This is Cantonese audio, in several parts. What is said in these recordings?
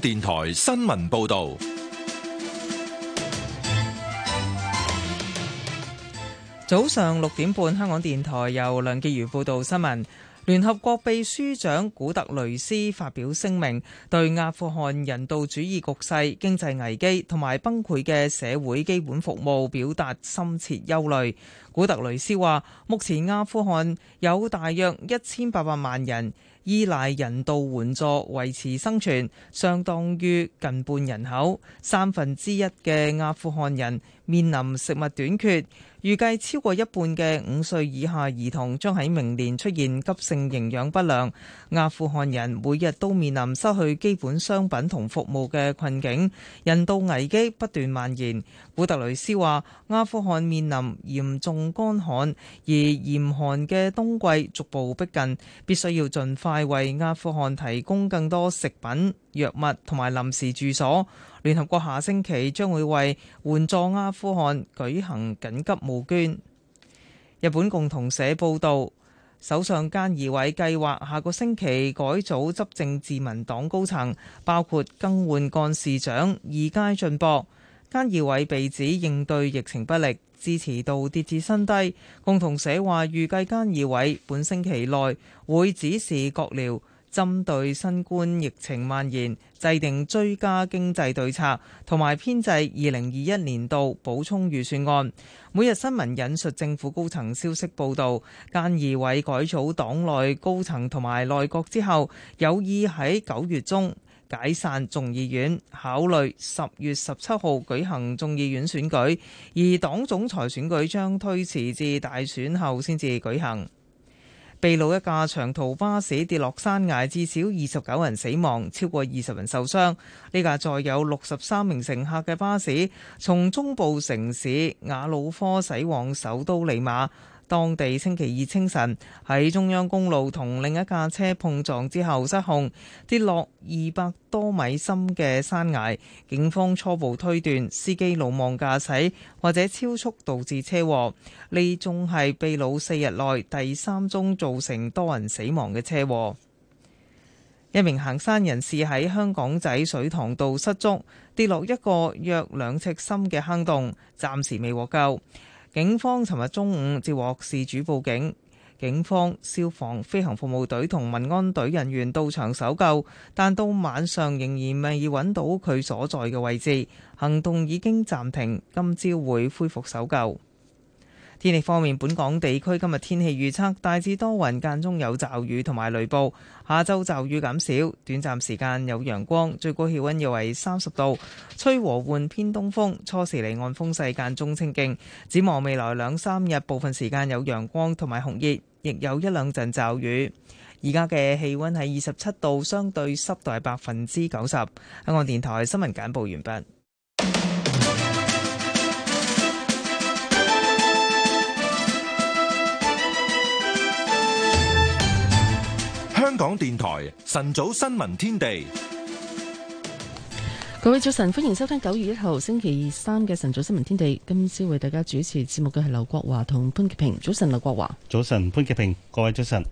電台新聞報道，早上六點半，香港電台由梁潔如報道新聞。聯合國秘書長古特雷斯發表聲明，對阿富汗人道主義局勢、經濟危機同埋崩潰嘅社會基本服務表達深切憂慮。古特雷斯話：目前阿富汗有大約一千八百萬人。依賴人道援助維持生存，相當於近半人口，三分之一嘅阿富汗人，面臨食物短缺，預計超過一半嘅五歲以下兒童將喺明年出現急性營養不良。阿富汗人每日都面臨失去基本商品同服務嘅困境，人道危機不斷蔓延。古特雷斯話：阿富汗面臨嚴重乾旱，而嚴寒嘅冬季逐步逼近，必須要盡快為阿富汗提供更多食品、藥物同埋臨時住所。聯合國下星期將會為援助阿富汗舉行緊急募捐。日本共同社報道，首相菅義偉計劃下個星期改組執政自民黨高層，包括更換幹事長二階俊博。菅義偉被指應對疫情不力，支持度跌至新低。共同社話，預計菅義偉本星期內會指示閣僚。針對新冠疫情蔓延，制定追加經濟對策，同埋編制二零二一年度補充預算案。每日新聞引述政府高層消息報道，菅義偉改組黨內高層同埋內閣之後，有意喺九月中解散眾議院，考慮十月十七號舉行眾議院選舉，而黨總裁選舉將推遲至大選後先至舉行。秘魯一架長途巴士跌落山崖，至少二十九人死亡，超過二十人受傷。呢架載有六十三名乘客嘅巴士，從中部城市瓦魯科駛往首都利馬。當地星期二清晨喺中央公路同另一架車碰撞之後失控跌落二百多米深嘅山崖，警方初步推斷司機魯莽駕駛或者超速導致車禍。呢宗係秘魯四日內第三宗造成多人死亡嘅車禍。一名行山人士喺香港仔水塘道失足跌落一個約兩尺深嘅坑洞，暫時未獲救。警方尋日中午接獲事主報警，警方、消防、飛行服務隊同民安隊人員到場搜救，但到晚上仍然未搵到佢所在嘅位置，行動已經暫停，今朝會恢復搜救。天氣方面，本港地區今日天氣預測大致多雲，間中有驟雨同埋雷暴。下晝驟雨減少，短暫時間有陽光，最高氣溫約為三十度，吹和緩偏東風。初時離岸風勢間中清勁。展望未來兩三日，部分時間有陽光同埋紅熱，亦有一兩陣驟雨。而家嘅氣溫係二十七度，相對濕度係百分之九十。香港電台新聞簡報完畢。香港電台晨早新聞天地，各位早晨，歡迎收聽九月一號星期二三嘅晨早新聞天地。今朝為大家主持節目嘅係劉國華同潘潔平。早晨，劉國華，早晨，潘潔平，各位早晨。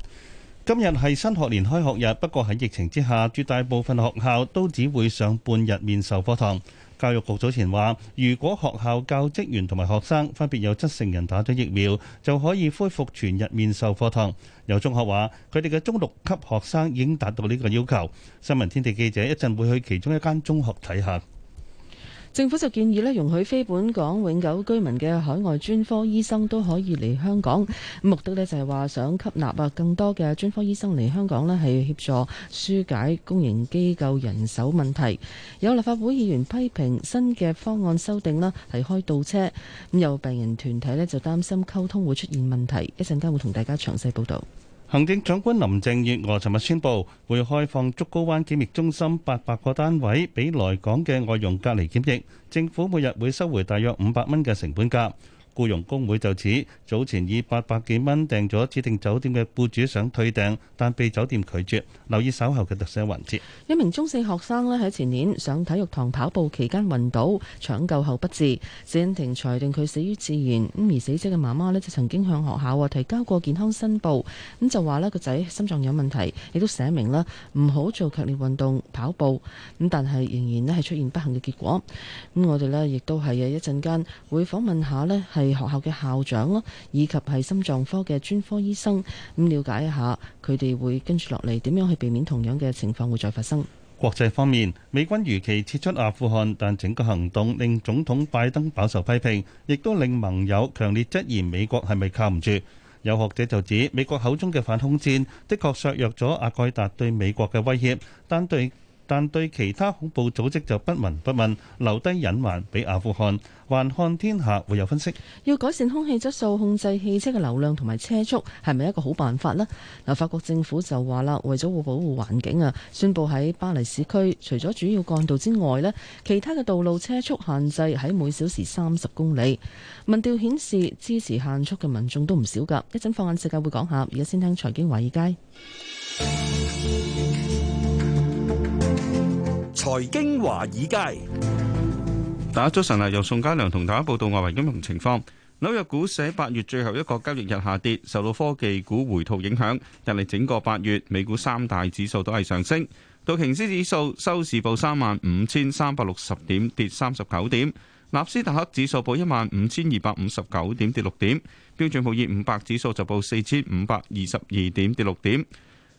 今日係新學年開學日，不過喺疫情之下，絕大部分學校都只會上半日面授課堂。教育局早前話，如果學校教職員同埋學生分別有七成人打咗疫苗，就可以恢復全日面授課堂。有中學話，佢哋嘅中六級學生已經達到呢個要求。新聞天地記者一陣會去其中一間中學睇下。政府就建議呢容許非本港永久居民嘅海外專科醫生都可以嚟香港，目的呢就係話想吸納啊更多嘅專科醫生嚟香港呢，係協助疏解公營機構人手問題。有立法會議員批評新嘅方案修訂呢，係開倒車。咁有病人團體呢就擔心溝通會出現問題，一陣間會同大家詳細報導。行政長官林鄭月娥尋日宣布，會開放竹篙灣檢疫中心八百個單位，俾來港嘅外傭隔離檢疫。政府每日會收回大約五百蚊嘅成本價。僱傭公會就此早前以八百幾蚊訂咗指定酒店嘅僱主想退訂，但被酒店拒絕。留意稍後嘅特寫環節。一名中四學生咧喺前年上體育堂跑步期間暈倒，搶救後不治。死因庭裁定佢死於自然，咁而死者嘅媽媽咧就曾經向學校提交過健康申報，咁就話咧個仔心臟有問題，亦都寫明啦唔好做強烈運動跑步，咁但係仍然咧係出現不幸嘅結果。咁我哋呢亦都係一陣間會訪問下咧係。係學校嘅校長啦，以及係心臟科嘅專科醫生咁，了解一下佢哋會跟住落嚟點樣去避免同樣嘅情況會再發生。國際方面，美軍如期撤出阿富汗，但整個行動令總統拜登飽受批評，亦都令盟友強烈質疑美國係咪靠唔住。有學者就指，美國口中嘅反恐戰的確削弱咗阿蓋達對美國嘅威脅，但對。但對其他恐怖組織就不聞不問，留低隱患俾阿富汗。環看天下會有分析。要改善空氣質素，控制汽車嘅流量同埋車速，係咪一個好辦法呢？嗱，法國政府就話啦，為咗保護環境啊，宣佈喺巴黎市區，除咗主要幹道之外咧，其他嘅道路車速限制喺每小時三十公里。民調顯示支持限速嘅民眾都唔少㗎。一陣放眼世界會講下，而家先聽財經華爾街。財經華爾街，大家早晨啊！由宋嘉良同大家報道外圍金融情況。紐約股市喺八月最後一個交易日下跌，受到科技股回吐影響。入嚟整個八月，美股三大指數都係上升。道瓊斯指數收市報三萬五千三百六十點，跌三十九點；納斯達克指數報一萬五千二百五十九點，跌六點；標準普爾五百指數就報四千五百二十二點，跌六點。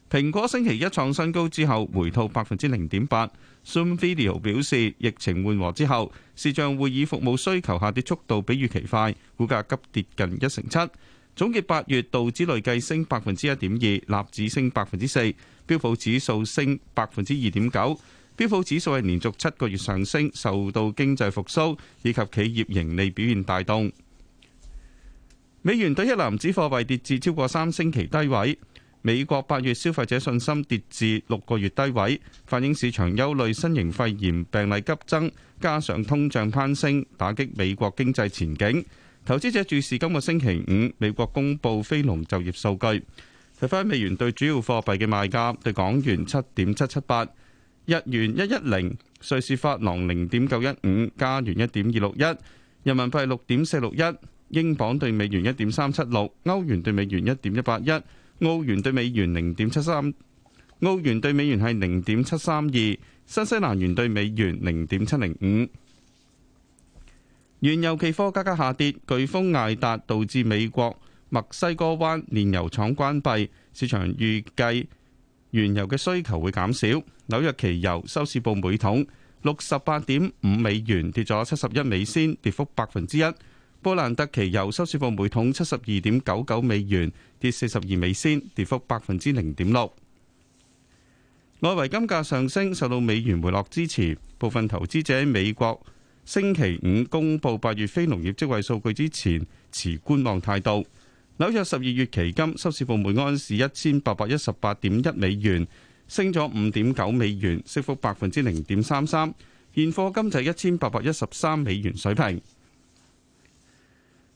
蘋果星期一創新高之後，回吐百分之零點八。Zoom Video 表示，疫情緩和之後，視像會議服務需求下跌速度比預期快，股價急跌近一成七。總結八月道指累計升百分之一點二，納指升百分之四，標普指數升百分之二點九。標普指數係連續七個月上升，受到經濟復甦以及企業盈利表現帶動。美元對一籃子貨幣跌至超過三星期低位。美國八月消費者信心跌至六個月低位，反映市場憂慮新型肺炎病例急增，加上通脹攀升，打擊美國經濟前景。投資者注視今個星期五美國公布非農就業數據。睇返美元對主要貨幣嘅賣價，對港元七點七七八，日元一一零，瑞士法郎零點九一五，加元一點二六一，人民幣六點四六一，英鎊對美元一點三七六，歐元對美元一點一八一。澳元兌美元零點七三，澳元兌美元係零點七三二，新西蘭元兌美元零點七零五。原油期貨價格下跌，颶風艾達導致美國墨西哥灣煉油廠關閉，市場預計原油嘅需求會減少。紐約期油收市報每桶六十八點五美元，跌咗七十一美仙，跌幅百分之一。波蘭特期油收市報每桶七十二點九九美元，跌四十二美仙，跌幅百分之零點六。外圍金價上升，受到美元回落支持。部分投資者喺美國星期五公布八月非農業職位數據之前持觀望態度。紐約十二月期金收市報每安士一千八百一十八點一美元，升咗五點九美元，升幅百分之零點三三。現貨金就一千八百一十三美元水平。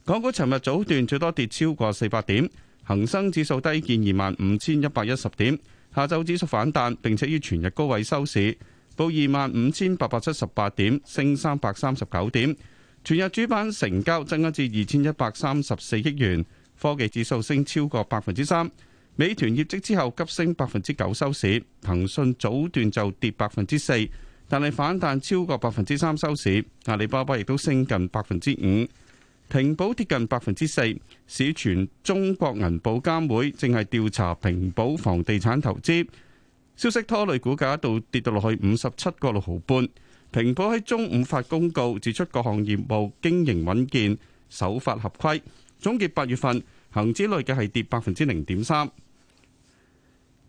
港股尋日早段最多跌超過四百點，恆生指數低見二萬五千一百一十點。下晝指數反彈，並且於全日高位收市，報二萬五千八百七十八點，升三百三十九點。全日主板成交增加至二千一百三十四億元。科技指數升超過百分之三，美團業績之後急升百分之九收市。騰訊早段就跌百分之四，但係反彈超過百分之三收市。阿里巴巴亦都升近百分之五。平保跌近百分之四，市傳中國銀保監會正係調查平保房地產投資消息，拖累股價一度跌到落去五十七個六毫半。平保喺中午發公告指出各項業務經營穩健，守法合規。總結八月份恒指累計係跌百分之零點三。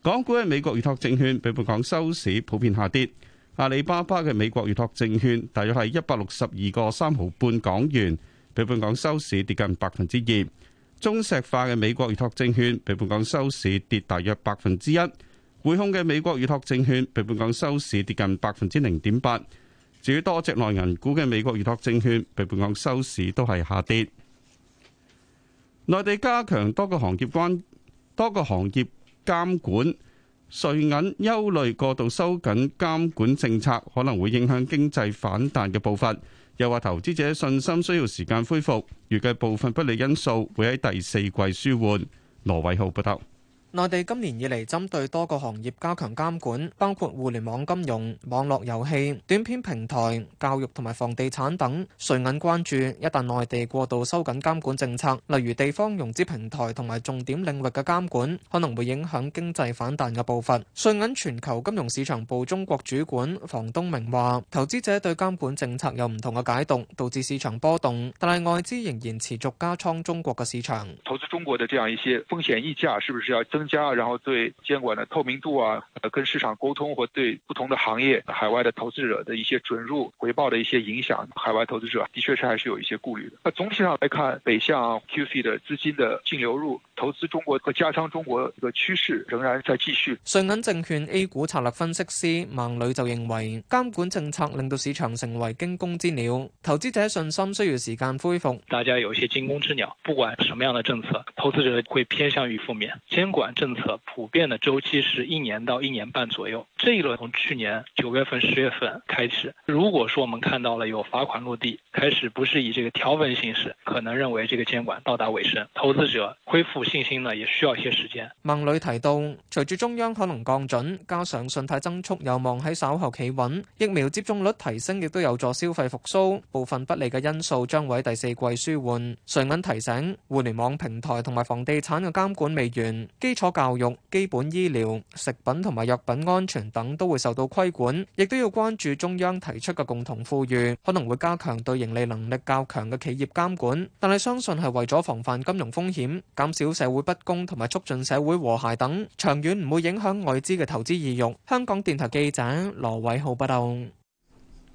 港股嘅美國預託證券比本港收市普遍下跌，阿里巴巴嘅美國預託證券大約係一百六十二個三毫半港元。比本港收市跌近百分之二，中石化嘅美國預託證券比本港收市跌大約百分之一，匯控嘅美國預託證券比本港收市跌近百分之零點八。至於多隻內銀股嘅美國預託證券比本港收市都係下跌。內地加強多個行業監多個行業監管，瑞銀憂慮過度收緊監管政策可能會影響經濟反彈嘅步伐。又話投資者信心需要時間恢復，預計部分不利因素會喺第四季舒緩。羅偉浩報道。內地今年以嚟針對多個行業加強監管，包括互聯網金融、網絡遊戲、短片平台、教育同埋房地產等。瑞銀關注，一旦內地過度收緊監管政策，例如地方融資平台同埋重點領域嘅監管，可能會影響經濟反彈嘅步伐。瑞銀全球金融市場部中國主管房東明話，投資者對監管政策有唔同嘅解讀，導致市場波動。但係外資仍然持續加倉中國嘅市場。投資中國嘅這樣一些風險溢價，是不是要？增加，然後對監管的透明度啊，跟市場溝通或對不同的行業、海外的投資者的一些准入回報的一些影響，海外投資者的確是還是有一些顧慮的。那總體上來看，北向 QC 的資金的淨流入、投資中國和加倉中國這個趨勢仍然在繼續。瑞銀證券 A 股策略分析師孟磊就認為，監管政策令到市場成為驚弓之鳥，投資者信心需要時間恢復。大家有一些驚弓之鳥，不管什麼樣的政策，投資者會偏向於負面監管。政策普遍的周期是一年到一年半左右。這一輪從去年九月份、十月份開始，如果說我們看到了有罰款落地，開始不是以這個條文形式，可能認為這個監管到達尾聲，投資者恢復信心呢，也需要一些時間。孟磊提到，隨住中央可能降準，加上信貸增速有望喺稍後企穩，疫苗接種率提升亦都有助消費復甦，部分不利嘅因素將會第四季舒緩。瑞銀提醒，互聯網平台同埋房地產嘅監管未完，初教育、基本醫療、食品同埋藥品安全等都會受到規管，亦都要關注中央提出嘅共同富裕，可能會加強對盈利能力較強嘅企業監管。但係相信係為咗防範金融風險、減少社會不公同埋促進社會和諧等，長遠唔會影響外資嘅投資意欲。香港電台記者羅偉浩報導。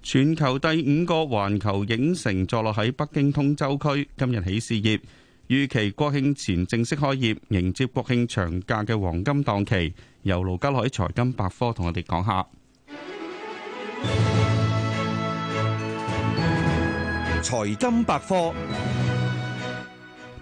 全球第五個環球影城坐落喺北京通州區今日起試業。預期國慶前正式開業，迎接國慶長假嘅黃金檔期。由盧家海財金百科同我哋講下財金百科。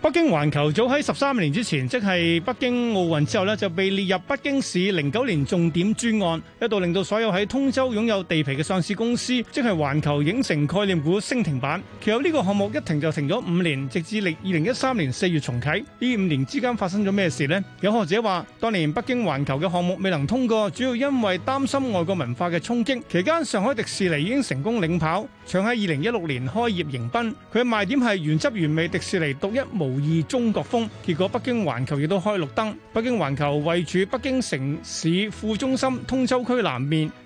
北京環球早喺十三年之前，即係北京奧運之後咧，就被列入北京市零九年重點專案，一度令到所有喺通州擁有地皮嘅上市公司，即係環球影城概念股升停板。其後呢個項目一停就停咗五年，直至零二零一三年四月重啟。呢五年之間發生咗咩事呢？有學者話，當年北京環球嘅項目未能通過，主要因爲擔心外國文化嘅衝擊。期間，上海迪士尼已經成功領跑，搶喺二零一六年開業迎賓。佢嘅賣點係原汁原味迪士尼，獨一無意中國風，結果北京環球亦都開綠燈。北京環球位處北京城市副中心通州區南面。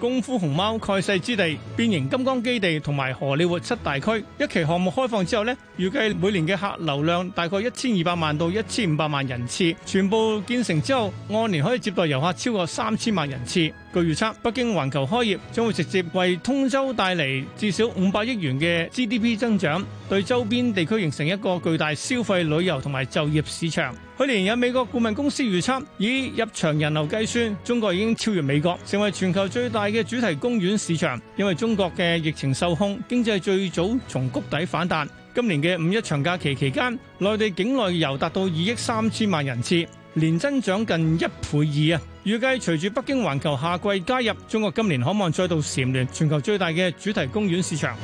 功夫熊貓蓋世之地、變形金剛基地同埋荷里活七大區，一期項目開放之後呢，預計每年嘅客流量大概一千二百萬到一千五百萬人次，全部建成之後，按年可以接待遊客超過三千萬人次。據預測，北京環球開業將會直接為通州帶嚟至少五百億元嘅 GDP 增長，對周邊地區形成一個巨大消費、旅遊同埋就業市場。去年有美國顧問公司預測，以入場人流計算，中國已經超越美國，成為全球最大嘅主題公園市場。因為中國嘅疫情受控，經濟最早從谷底反彈。今年嘅五一長假期期間，內地境內遊達到二億三千萬人次，年增長近一倍二啊！預計隨住北京環球夏季加入，中國今年可望再度蟬聯全球最大嘅主題公園市場。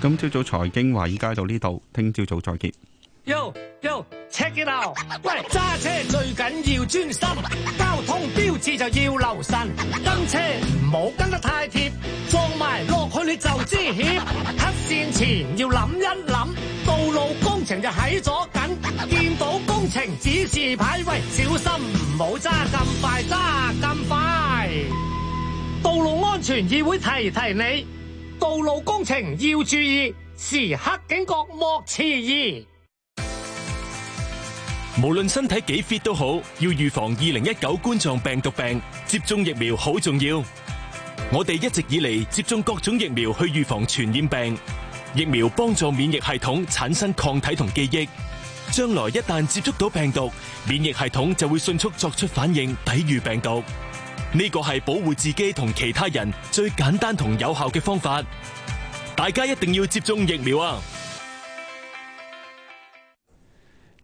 今朝早財經話已經到呢度，聽朝早再見。喲喲，check it out 喂，揸車最緊要專心，交通標誌就要留神，跟車唔好跟得太貼，撞埋落去你就知險。黑綫前要諗一諗，道路工程就喺左近，見到工程指示牌喂，小心唔好揸咁快，揸咁快。道路安全議會提提你，道路工程要注意，時刻警覺莫遲疑。無論身體幾 fit 都好，要預防二零一九冠狀病毒病，接種疫苗好重要。我哋一直以嚟接種各種疫苗去預防傳染病，疫苗幫助免疫系統產生抗體同記憶，將來一旦接觸到病毒，免疫系統就會迅速作出反應，抵禦病毒。呢個係保護自己同其他人最簡單同有效嘅方法，大家一定要接種疫苗啊！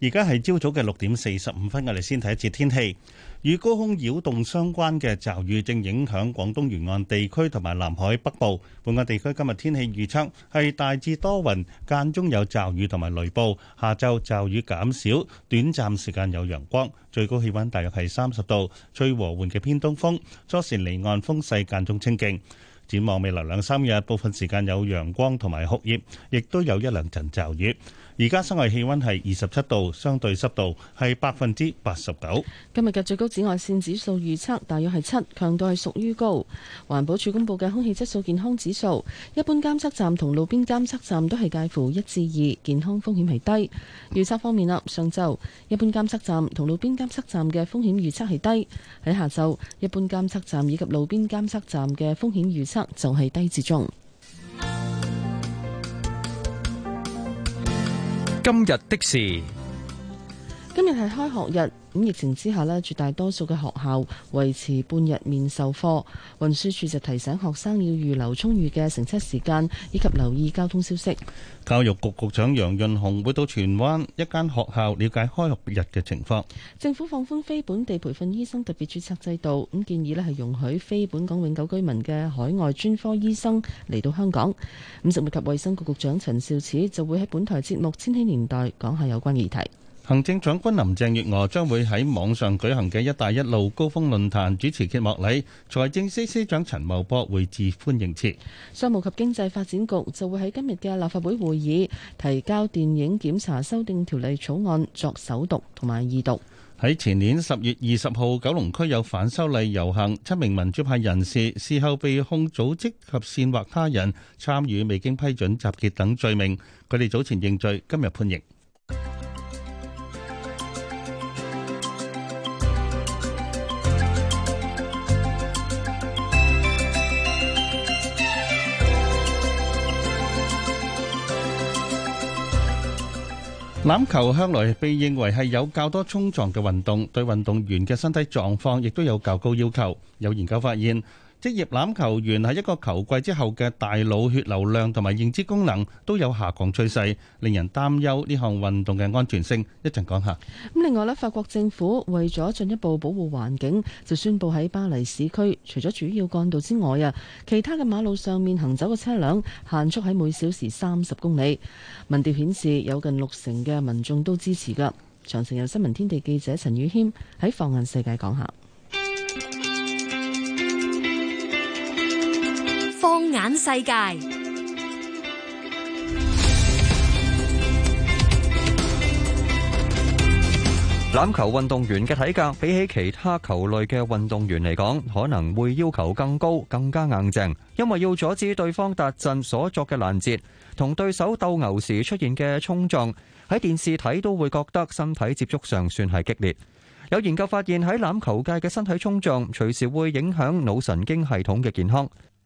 而家係朝早嘅六點四十五分，我哋先睇一次天氣。與高空擾動相關嘅驟雨正影響廣東沿岸地區同埋南海北部。本港地區今日天，天氣預測係大致多雲，間中有驟雨同埋雷暴。下晝驟雨減少，短暫時間有陽光，最高氣温大約係三十度，吹和緩嘅偏東風，初時離岸風勢間中清勁。展望未來兩三日，部分時間有陽光同埋酷熱，亦都有一兩陣驟雨。而家室外氣溫係二十七度，相對濕度係百分之八十九。今日嘅最高紫外線指數預測大約係七，強度係屬於高。環保署公布嘅空氣質素健康指數，一般監測站同路邊監測站都係介乎一至二，健康風險係低。預測方面啦，上晝一般監測站同路邊監測站嘅風險預測係低，喺下晝一般監測站以及路邊監測站嘅風險預測就係低至中。今日的事。今日係開學日，咁疫情之下咧，絕大多數嘅學校維持半日面授課。運輸署就提醒學生要預留充裕嘅乘車時間，以及留意交通消息。教育局局長楊潤雄會到荃灣一間學校了解開學日嘅情況。政府放寬非本地培訓醫生特別註冊制度，咁建議咧係容許非本港永久居民嘅海外專科醫生嚟到香港。咁，食物及衛生局局長陳肇始就會喺本台節目《千禧年代》講下有關議題。行政長官林鄭月娥將會喺網上舉行嘅，“一帶一路”高峰論壇主持揭幕禮，財政司司長陳茂波會致歡迎辭。商務及經濟發展局就會喺今日嘅立法會會議提交電影檢查修訂條例草案作首讀同埋二讀。喺前年十月二十號，九龍區有反修例遊行，七名民主派人士事後被控組織及煽惑他人參與未經批准集結等罪名，佢哋早前認罪，今日判刑。欖球向來被認為係有較多衝撞嘅運動，對運動員嘅身體狀況亦都有較高要求。有研究發現，職業籃球員喺一個球季之後嘅大腦血流量同埋認知功能都有下降趨勢，令人擔憂呢項運動嘅安全性。一陣講下。咁另外咧，法國政府為咗進一步保護環境，就宣布喺巴黎市區，除咗主要幹道之外啊，其他嘅馬路上面行走嘅車輛限速喺每小時三十公里。民調顯示有近六成嘅民眾都支持㗎。晨早有新聞天地記者陳宇謙喺放眼世界講下。放眼世界，欖球運動員嘅體格比起其他球類嘅運動員嚟講，可能會要求更高，更加硬淨。因為要阻止對方達陣所作嘅攔截，同對手鬥牛時出現嘅衝撞，喺電視睇都會覺得身體接觸上算係激烈。有研究發現喺欖球界嘅身體衝撞，隨時會影響腦神經系統嘅健康。，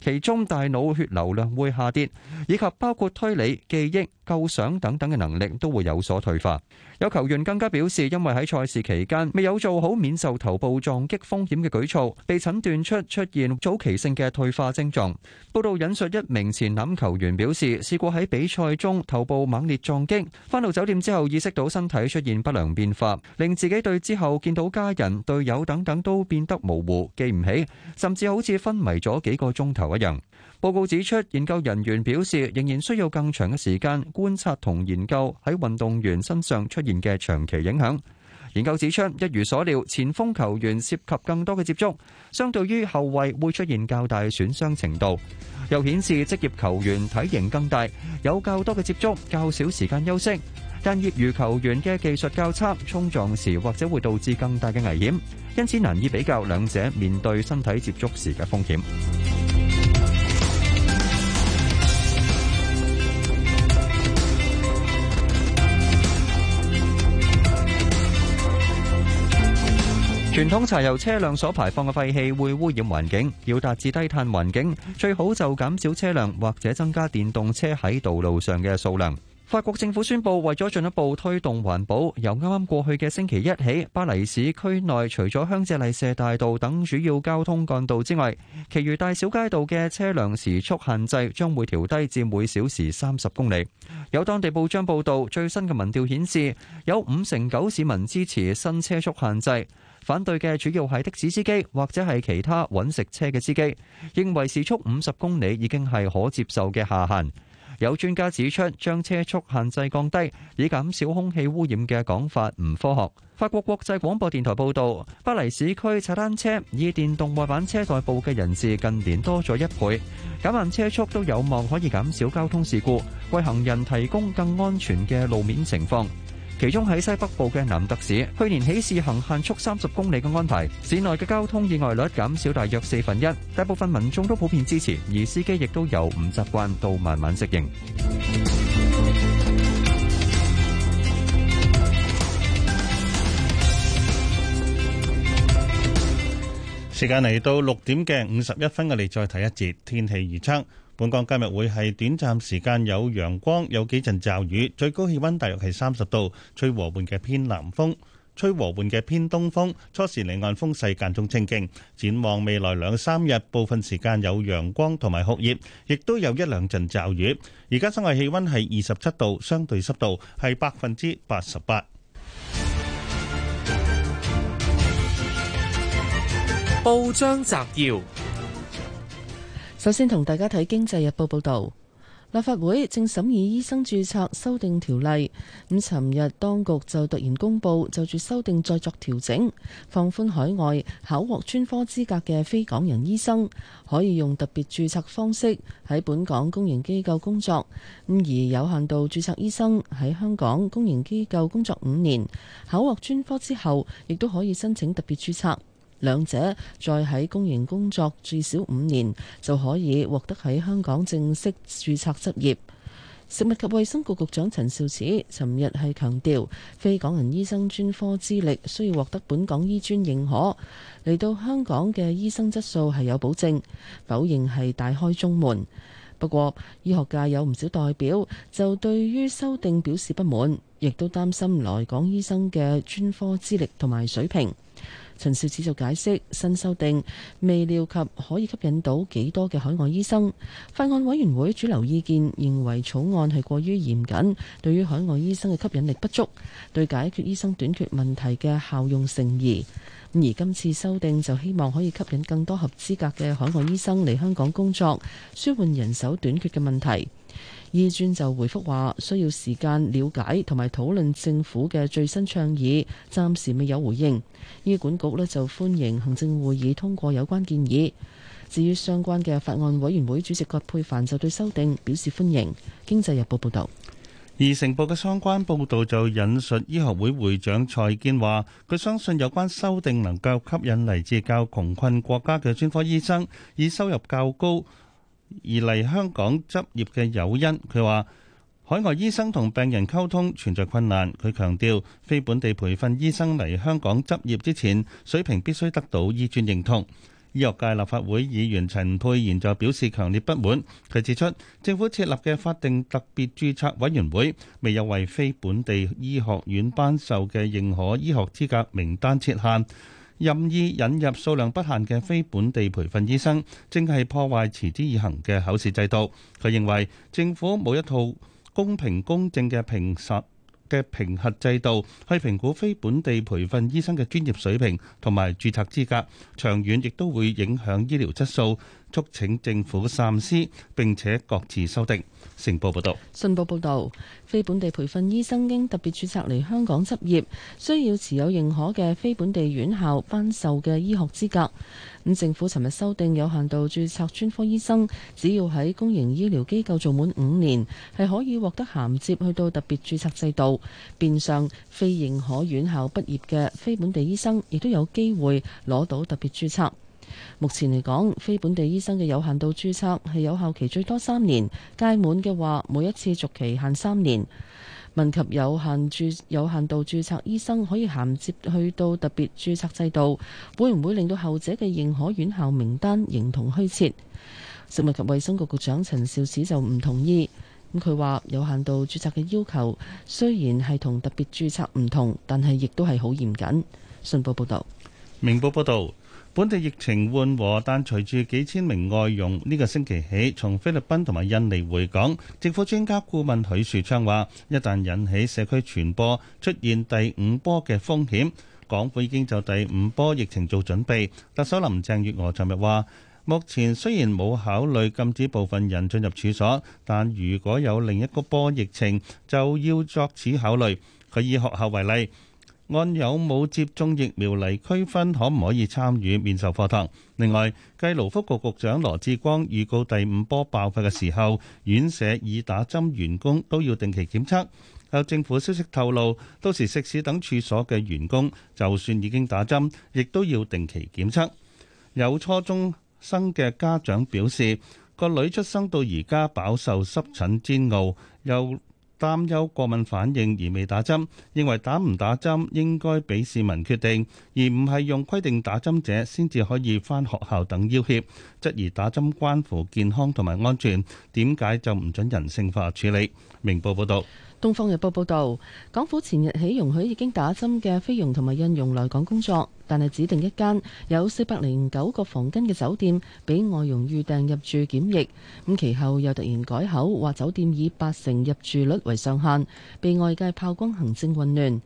其中大腦血流量會下跌，以及包括推理、記憶、構想等等嘅能力都會有所退化。有球員更加表示，因為喺賽事期間未有做好免受頭部撞擊風險嘅舉措，被診斷出出現早期性嘅退化症狀。報道引述一名前籃球員表示，試過喺比賽中頭部猛烈撞擊，翻到酒店之後意識到身體出現不良變化，令自己對之後見到家人、隊友等等都變得模糊，記唔起，甚至好似昏迷咗幾個鐘頭。一樣，報告指出，研究人員表示仍然需要更長嘅時間觀察同研究喺運動員身上出現嘅長期影響。研究指出，一如所料，前鋒球員涉及更多嘅接觸，相對於後衛會出現較大損傷程度。又顯示職業球員體型更大，有較多嘅接觸，較少時間休息。但業餘球員嘅技術較差，衝撞時或者會導致更大嘅危險，因此難以比較兩者面對身體接觸時嘅風險。傳統柴油車輛所排放嘅廢氣會污染環境，要達至低碳環境，最好就減少車輛或者增加電動車喺道路上嘅數量。法國政府宣布，為咗進一步推動環保，由啱啱過去嘅星期一起，巴黎市區內除咗香榭麗舍大道等主要交通幹道之外，其餘大小街道嘅車輛時速限制將會調低至每小時三十公里。有當地報章報導，最新嘅民調顯示，有五成九市民支持新車速限制。反對嘅主要係的士司機或者係其他揾食車嘅司機，認為時速五十公里已經係可接受嘅下限。有專家指出，將車速限制降低，以減少空氣污染嘅講法唔科學。法國國際廣播電台報道，巴黎市區踩單車以電動滑板車代步嘅人士近年多咗一倍，減慢車速都有望可以減少交通事故，為行人提供更安全嘅路面情況。其中喺西北部嘅南特市，去年起試行限速三十公里嘅安排，市內嘅交通意外率減少大約四分一，大部分民眾都普遍支持，而司機亦都由唔習慣到慢慢適應。時間嚟到六點嘅五十一分，我哋再睇一節天氣預測。本港今日會係短暫時間有陽光，有幾陣驟雨，最高氣溫大約係三十度，吹和緩嘅偏南風，吹和緩嘅偏東風，初時離岸風勢間中清勁。展望未來兩三日，部分時間有陽光同埋酷熱，亦都有一兩陣驟雨。而家室外氣溫係二十七度，相對濕度係百分之八十八。報章摘要。首先同大家睇《經濟日報》報導，立法會正審議醫生註冊修訂條例。咁，尋日當局就突然公佈就住修訂再作調整，放寬海外考獲專科資格嘅非港人醫生可以用特別註冊方式喺本港公營機構工作。咁而有限度註冊醫生喺香港公營機構工作五年，考獲專科之後，亦都可以申請特別註冊。兩者再喺公營工作至少五年就可以獲得喺香港正式註冊執業。食物及衛生局局長陳肇始尋日係強調，非港人醫生專科資歷需要獲得本港醫專認可，嚟到香港嘅醫生質素係有保證，否認係大開中門。不過，醫學界有唔少代表就對於修訂表示不滿，亦都擔心來港醫生嘅專科資歷同埋水平。陳少智就解釋新修訂未料及可以吸引到幾多嘅海外醫生，法案委員會主流意見認為草案係過於嚴謹，對於海外醫生嘅吸引力不足，對解決醫生短缺問題嘅效用成疑。而今次修訂就希望可以吸引更多合資格嘅海外醫生嚟香港工作，舒緩人手短缺嘅問題。醫專就回覆話需要時間了解同埋討論政府嘅最新倡議，暫時未有回應。醫、這個、管局呢就歡迎行政會議通過有關建議。至於相關嘅法案，委員會主席葛珮帆就對修訂表示歡迎。經濟日報報導，而成報嘅相關報導就引述醫學會會，會長蔡堅話：佢相信有關修訂能夠吸引嚟自較窮困國家嘅專科醫生，以收入較高，而嚟香港執業嘅誘因，佢話海外醫生同病人溝通存在困難，佢強調非本地培訓醫生嚟香港執業之前，水平必須得到醫專認同。醫學界立法會議員陳沛然就表示強烈不滿，佢指出，政府設立嘅法定特別注冊委員會未有為非本地醫學院頒授嘅認可醫學資格名單設限。任意引入數量不限嘅非本地培訓醫生，正係破壞持之以恒嘅考試制度。佢認為政府冇一套公平公正嘅評實嘅評核制度去評估非本地培訓醫生嘅專業水平同埋註冊資格，長遠亦都會影響醫療質素。促請政府三思，並且各自修訂。成報報道：「信報報道，非本地培訓醫生應特別註冊嚟香港執業，需要持有認可嘅非本地院校頒授嘅醫學資格。咁政府尋日修訂，有限度註冊專科醫生，只要喺公營醫療機構做滿五年，係可以獲得銜接去到特別註冊制度。變相非認可院校畢業嘅非本地醫生，亦都有機會攞到特別註冊。目前嚟講，非本地醫生嘅有限度註冊係有效期最多三年，屆滿嘅話，每一次續期限三年。問及有限注有限度註冊醫生可以銜接去到特別註冊制度，會唔會令到後者嘅認可院校名單形同虛設？食物及衛生局局長陳肇始就唔同意。咁佢話，有限度註冊嘅要求雖然係同特別註冊唔同，但係亦都係好嚴謹。信報報道。明報報道。本地疫情緩和，但隨住幾千名外傭呢、這個星期起從菲律賓同埋印尼回港，政府專家顧問許樹昌話：一旦引起社區傳播，出現第五波嘅風險，港府已經就第五波疫情做準備。特首林鄭月娥尋日話：目前雖然冇考慮禁止部分人進入處所，但如果有另一個波疫情，就要作此考慮。佢以學校為例。按有冇接種疫苗嚟區分，可唔可以參與面授課堂。另外，繼勞福局局長羅致光預告第五波爆發嘅時候，院舍已打針員工都要定期檢測。有政府消息透露，到時食肆等處所嘅員工，就算已經打針，亦都要定期檢測。有初中生嘅家長表示，個女出生到而家飽受濕疹煎熬，又擔憂過敏反應而未打針，認為打唔打針應該畀市民決定，而唔係用規定打針者先至可以返學校等要挾。質疑打針關乎健康同埋安全，點解就唔準人性化處理？明報報導。《東方日報》報道，港府前日起容許已經打針嘅菲傭同埋印傭來港工作，但係指定一間有四百零九個房間嘅酒店俾外傭預訂入住檢疫。咁其後又突然改口，話酒店以八成入住率為上限，被外界炮轟行政混亂，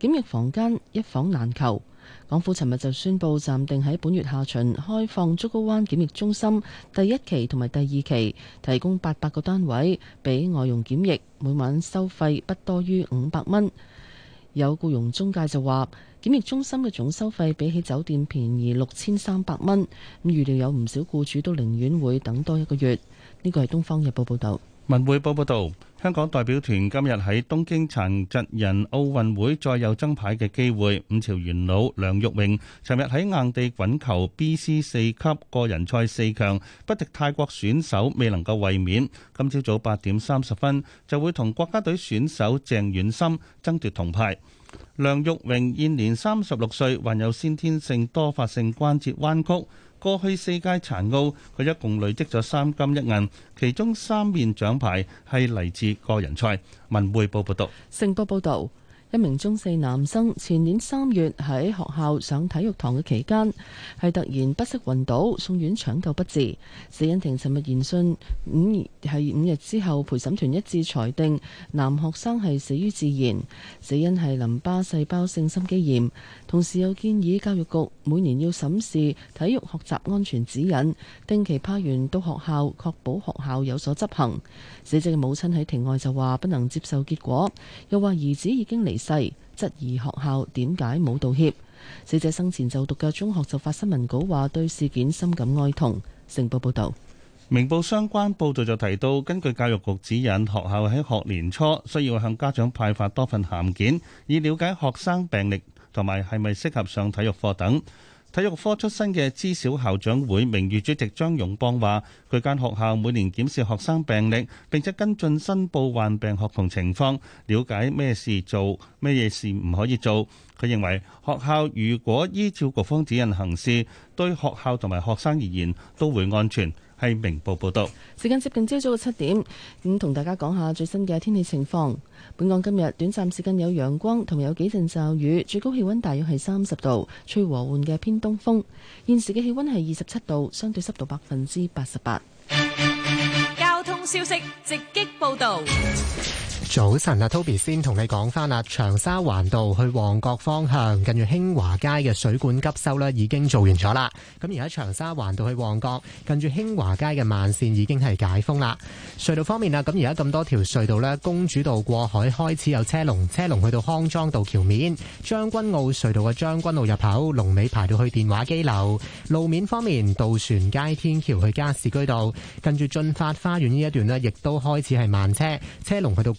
檢疫房間一房難求。港府尋日就宣布暫定喺本月下旬開放竹篙灣檢疫中心第一期同埋第二期，提供八百個單位俾外傭檢疫，每晚收費不多於五百蚊。有僱傭中介就話，檢疫中心嘅總收費比起酒店便宜六千三百蚊，咁預料有唔少僱主都寧願會等多一個月。呢個係《東方日報》報道，《文匯報》報道。香港代表團今日喺東京殘疾人奧運會再有爭牌嘅機會。五朝元老梁玉榮，尋日喺硬地滾球 BC 四級個人賽四強，不敵泰國選手，未能夠衛冕。今朝早八點三十分，就會同國家隊選手鄭遠心爭奪銅牌。梁玉榮現年三十六歲，患有先天性多發性關節彎曲。過去四屆殘奧，佢一共累積咗三金一銀，其中三面獎牌係嚟自個人賽。文匯報報道，星島報道。一名中四男生前年三月喺學校上體育堂嘅期間，係突然不適暈倒，送院搶救不治。死因庭尋日言訊五係五日之後，陪審團一致裁定男學生係死於自然，死因係淋巴細胞性心肌炎。同時又建議教育局每年要審視體育學習安全指引，定期派員到學校確保學校有所執行。死者嘅母親喺庭外就話不能接受結果，又話兒子已經離。細質疑學校點解冇道歉。死者生前就讀嘅中學就發新聞稿話，對事件深感哀痛。成報報道，明報相關報道就提到，根據教育局指引，學校喺學年初需要向家長派發多份函件，以了解學生病歷同埋係咪適合上體育課等。體育科出身嘅知小校長會名譽主席張勇邦話，佢間學校每年檢視學生病歷，並且跟進申報患病學童情況，了解咩事做，咩嘢事唔可以做。佢認為學校如果依照局方指引行事，對學校同埋學生而言都會安全。係明報報道，時間接近朝早嘅七點，咁同大家講下最新嘅天氣情況。本港今日短暫時間有陽光，同有幾陣驟雨，最高氣温大約係三十度，吹和緩嘅偏東風。現時嘅氣温係二十七度，相對濕度百分之八十八。交通消息直擊報道。早晨啊，Toby 先同你講翻啦，長沙環道去旺角方向近住興華街嘅水管急修呢，已經做完咗啦。咁而家長沙環道去旺角近住興華街嘅慢線已經係解封啦。隧道方面啊，咁而家咁多條隧道呢，公主道過海開始有車龍，車龍去到康莊道橋面，將軍澳隧道嘅將軍澳入口龍尾排到去電話機樓。路面方面，渡船街天橋去加士居道，近住駿發花園呢一段呢，亦都開始係慢車，車龍去到。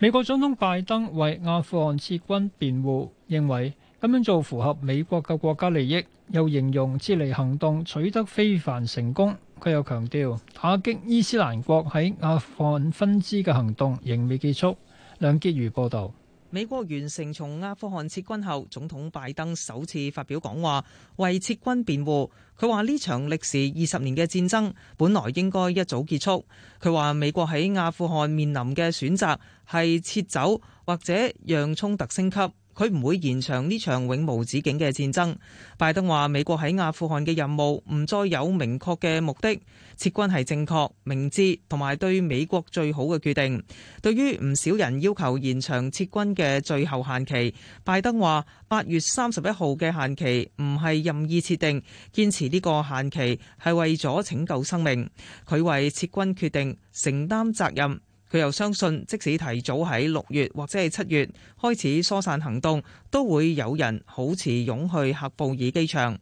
美國總統拜登為阿富汗撤軍辯護，認為咁樣做符合美國嘅國家利益，又形容撤離行動取得非凡成功。佢又強調打擊伊斯蘭國喺阿富汗分支嘅行動仍未結束。梁傑如報導，美國完成從阿富汗撤軍後，總統拜登首次發表講話為撤軍辯護。佢話呢場歷時二十年嘅戰爭本來應該一早結束。佢話美國喺阿富汗面臨嘅選擇，係撤走或者讓衝突升級，佢唔會延長呢場永無止境嘅戰爭。拜登話：美國喺阿富汗嘅任務唔再有明確嘅目的，撤軍係正確、明智同埋對美國最好嘅決定。對於唔少人要求延長撤軍嘅最後限期，拜登話：八月三十一號嘅限期唔係任意設定，堅持呢個限期係為咗拯救生命。佢為撤軍決定承擔責任。佢又相信，即使提早喺六月或者係七月開始疏散行動，都會有人好似湧去喀布爾機場。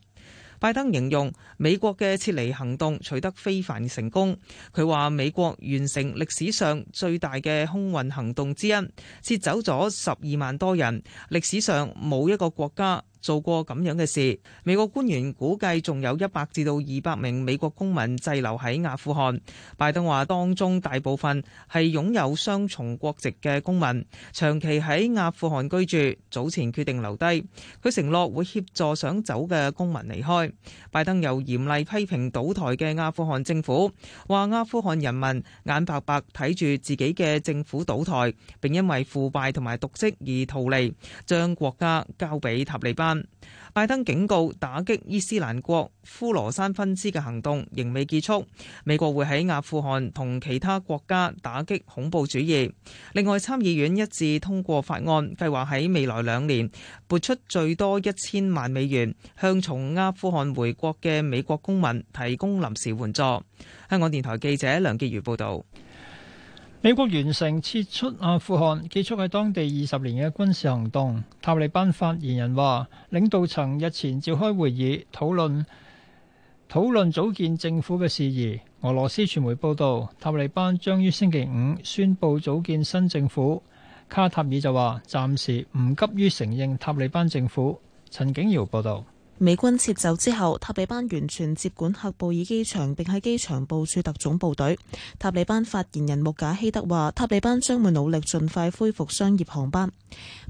拜登形容美國嘅撤離行動取得非凡成功。佢話：美國完成歷史上最大嘅空運行動之一，撤走咗十二萬多人。歷史上冇一個國家。做過咁樣嘅事，美國官員估計仲有一百至到二百名美國公民滯留喺阿富汗。拜登話：當中大部分係擁有雙重國籍嘅公民，長期喺阿富汗居住，早前決定留低。佢承諾會協助想走嘅公民離開。拜登又嚴厲批評倒台嘅阿富汗政府，話阿富汗人民眼白白睇住自己嘅政府倒台，並因為腐敗同埋瀆職而逃離，將國家交俾塔利班。拜登警告，打擊伊斯蘭國呼羅珊分支嘅行動仍未結束，美國會喺阿富汗同其他國家打擊恐怖主義。另外，參議院一致通過法案，計劃喺未來兩年撥出最多一千萬美元，向從阿富汗回國嘅美國公民提供臨時援助。香港電台記者梁潔如報導。美國完成撤出阿富汗，結束喺當地二十年嘅軍事行動。塔利班發言人話：領導層日前召開會議，討論討論組建政府嘅事宜。俄羅斯傳媒報道，塔利班將於星期五宣布組建新政府。卡塔爾就話暫時唔急於承認塔利班政府。陳景堯報道。美軍撤走之後，塔利班完全接管喀布爾機場，並喺機場部署特種部隊。塔利班發言人穆賈希德話，塔利班將會努力盡快恢復商業航班。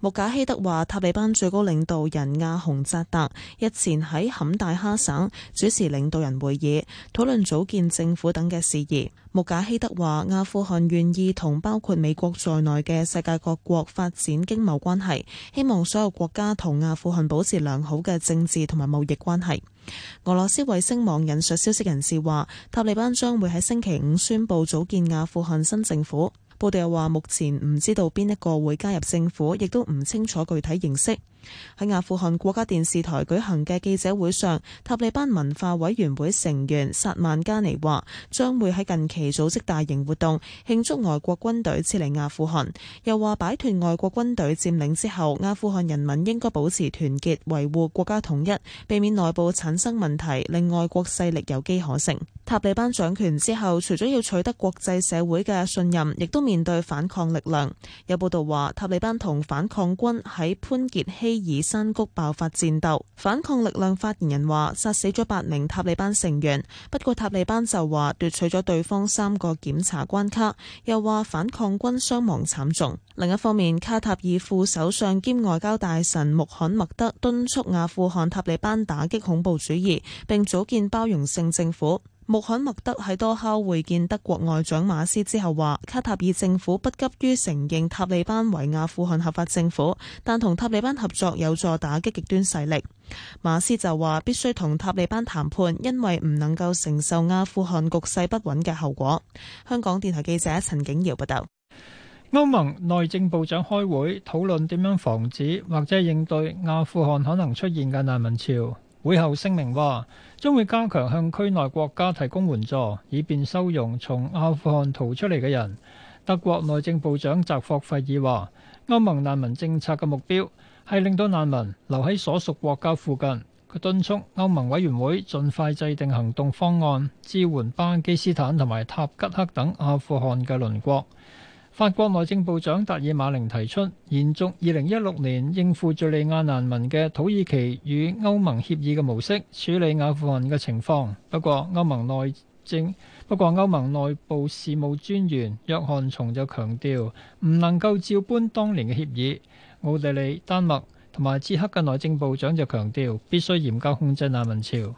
穆賈希德話，塔利班最高領導人亞洪扎達日前喺坎大哈省主持領導人會議，討論組建政府等嘅事宜。穆賈希德話，阿富汗願意同包括美國在內嘅世界各國發展經貿關係，希望所有國家同阿富汗保持良好嘅政治同埋貿易關係。俄羅斯衛星網引述消息人士話，塔利班將會喺星期五宣布組建阿富汗新政府。報道又話，目前唔知道邊一個會加入政府，亦都唔清楚具體形式。喺阿富汗國家電視台舉行嘅記者會上，塔利班文化委員會成員薩曼加尼話，將會喺近期組織大型活動慶祝外國軍隊撤離阿富汗。又話擺脫外國軍隊佔領之後，阿富汗人民應該保持團結，維護國家統一，避免內部產生問題，令外國勢力有機可乘。塔利班掌權之後，除咗要取得國際社會嘅信任，亦都面對反抗力量。有報道話，塔利班同反抗軍喺潘傑希爾山谷爆發戰鬥，反抗力量發言人話殺死咗八名塔利班成員，不過塔利班就話奪取咗對方三個檢查關卡，又話反抗軍傷亡慘重。另一方面，卡塔爾副首相兼外交大臣穆罕默德敦促阿富汗塔利班打擊恐怖主義，並組建包容性政府。穆罕默德喺多哈會見德國外長馬斯之後話：卡塔爾政府不急於承認塔利班為阿富汗合法政府，但同塔利班合作有助打擊極端勢力。馬斯就話：必須同塔利班談判，因為唔能夠承受阿富汗局勢不穩嘅後果。香港電台記者陳景瑤報道。歐盟內政部長開會討論點樣防止或者應對阿富汗可能出現嘅難民潮。會後聲明話。將會加強向區內國家提供援助，以便收容從阿富汗逃出嚟嘅人。德國內政部長澤霍費爾話：歐盟難民政策嘅目標係令到難民留喺所屬國家附近。佢敦促歐盟委員會盡快制定行動方案，支援巴基斯坦同埋塔吉克等阿富汗嘅鄰國。法國內政部長達爾馬寧，提出延續二零一六年應付敍利亞難民嘅土耳其與歐盟協議嘅模式，處理阿富汗嘅情況，不過歐盟內政不過歐盟內部事務專員約翰松就強調唔能夠照搬當年嘅協議。奧地利、丹麥同埋捷克嘅內政部長就強調必須嚴格控制難民潮。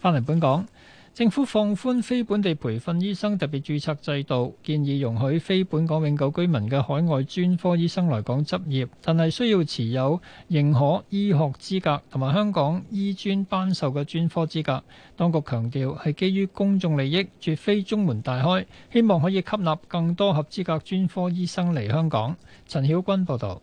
翻嚟本港。政府放寬非本地培訓醫生特別注冊制度，建議容許非本港永久居民嘅海外專科醫生來港執業，但係需要持有認可醫學資格同埋香港醫專頒授嘅專科資格。當局強調係基於公眾利益，絕非中門大開，希望可以吸納更多合資格專科醫生嚟香港。陳曉君報道。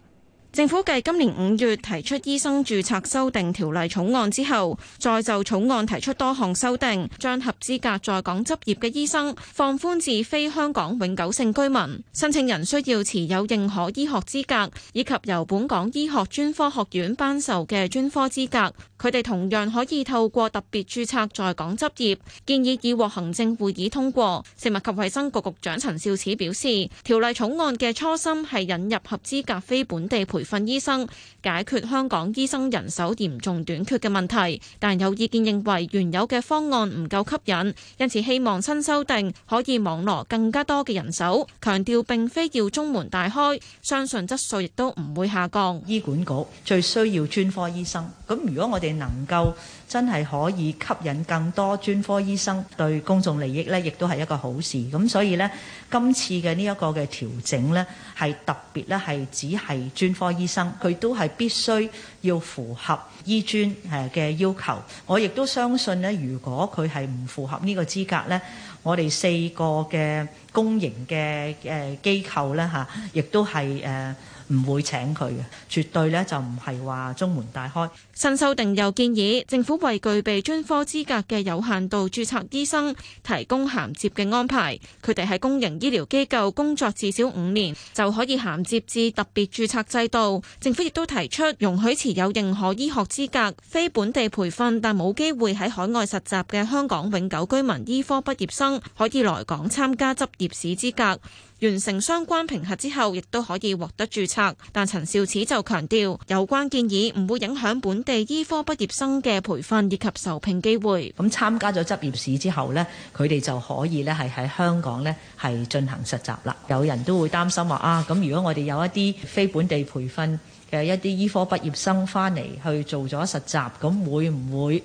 政府繼今年五月提出醫生注冊修訂條例草案之後，再就草案提出多項修訂，將合資格在港執業嘅醫生放寬至非香港永久性居民，申請人需要持有認可醫學資格，以及由本港醫學專科學院頒授嘅專科資格。佢哋同樣可以透過特別注冊在港執業。建議已獲行政會議通過。食物及衛生局局長陳肇始表示，條例草案嘅初心係引入合資格非本地培培訓醫生，解決香港醫生人手嚴重短缺嘅問題，但有意見認為原有嘅方案唔夠吸引，因此希望新修訂可以網羅更加多嘅人手，強調並非要中門大開，相信質素亦都唔會下降。醫管局最需要專科醫生，咁如果我哋能夠。真係可以吸引更多專科醫生對公眾利益呢亦都係一個好事。咁所以呢，今次嘅呢一個嘅調整呢，係特別咧係只係專科醫生，佢都係必須要符合醫專誒嘅要求。我亦都相信呢，如果佢係唔符合呢個資格呢，我哋四個嘅公營嘅誒機構呢，嚇，亦都係誒。唔會請佢嘅，絕對咧就唔係話中門大開。陳秀定又建議政府為具備專科資格嘅有限度註冊醫生提供銜接嘅安排，佢哋喺公營醫療機構工作至少五年就可以銜接至特別註冊制度。政府亦都提出容許持有任何醫學資格、非本地培訓但冇機會喺海外實習嘅香港永久居民醫科畢業生可以來港參加執業試資格。完成相關評核之後，亦都可以獲得註冊。但陳肇始就強調，有關建議唔會影響本地醫科畢業生嘅培訓以及受聘機會。咁參加咗執業試之後呢，佢哋就可以咧係喺香港呢係進行實習啦。有人都會擔心話啊，咁如果我哋有一啲非本地培訓嘅一啲醫科畢業生翻嚟去做咗實習，咁會唔會？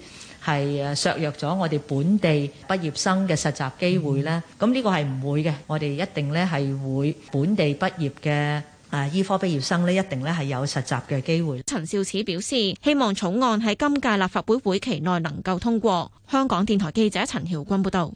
係削弱咗我哋本地畢業生嘅實習機會咧，咁呢、嗯、個係唔會嘅。我哋一定咧係會本地畢業嘅誒醫科畢業生咧，一定咧係有實習嘅機會。陳肇始表示，希望草案喺今屆立法會會期內能夠通過。香港電台記者陳曉君報導。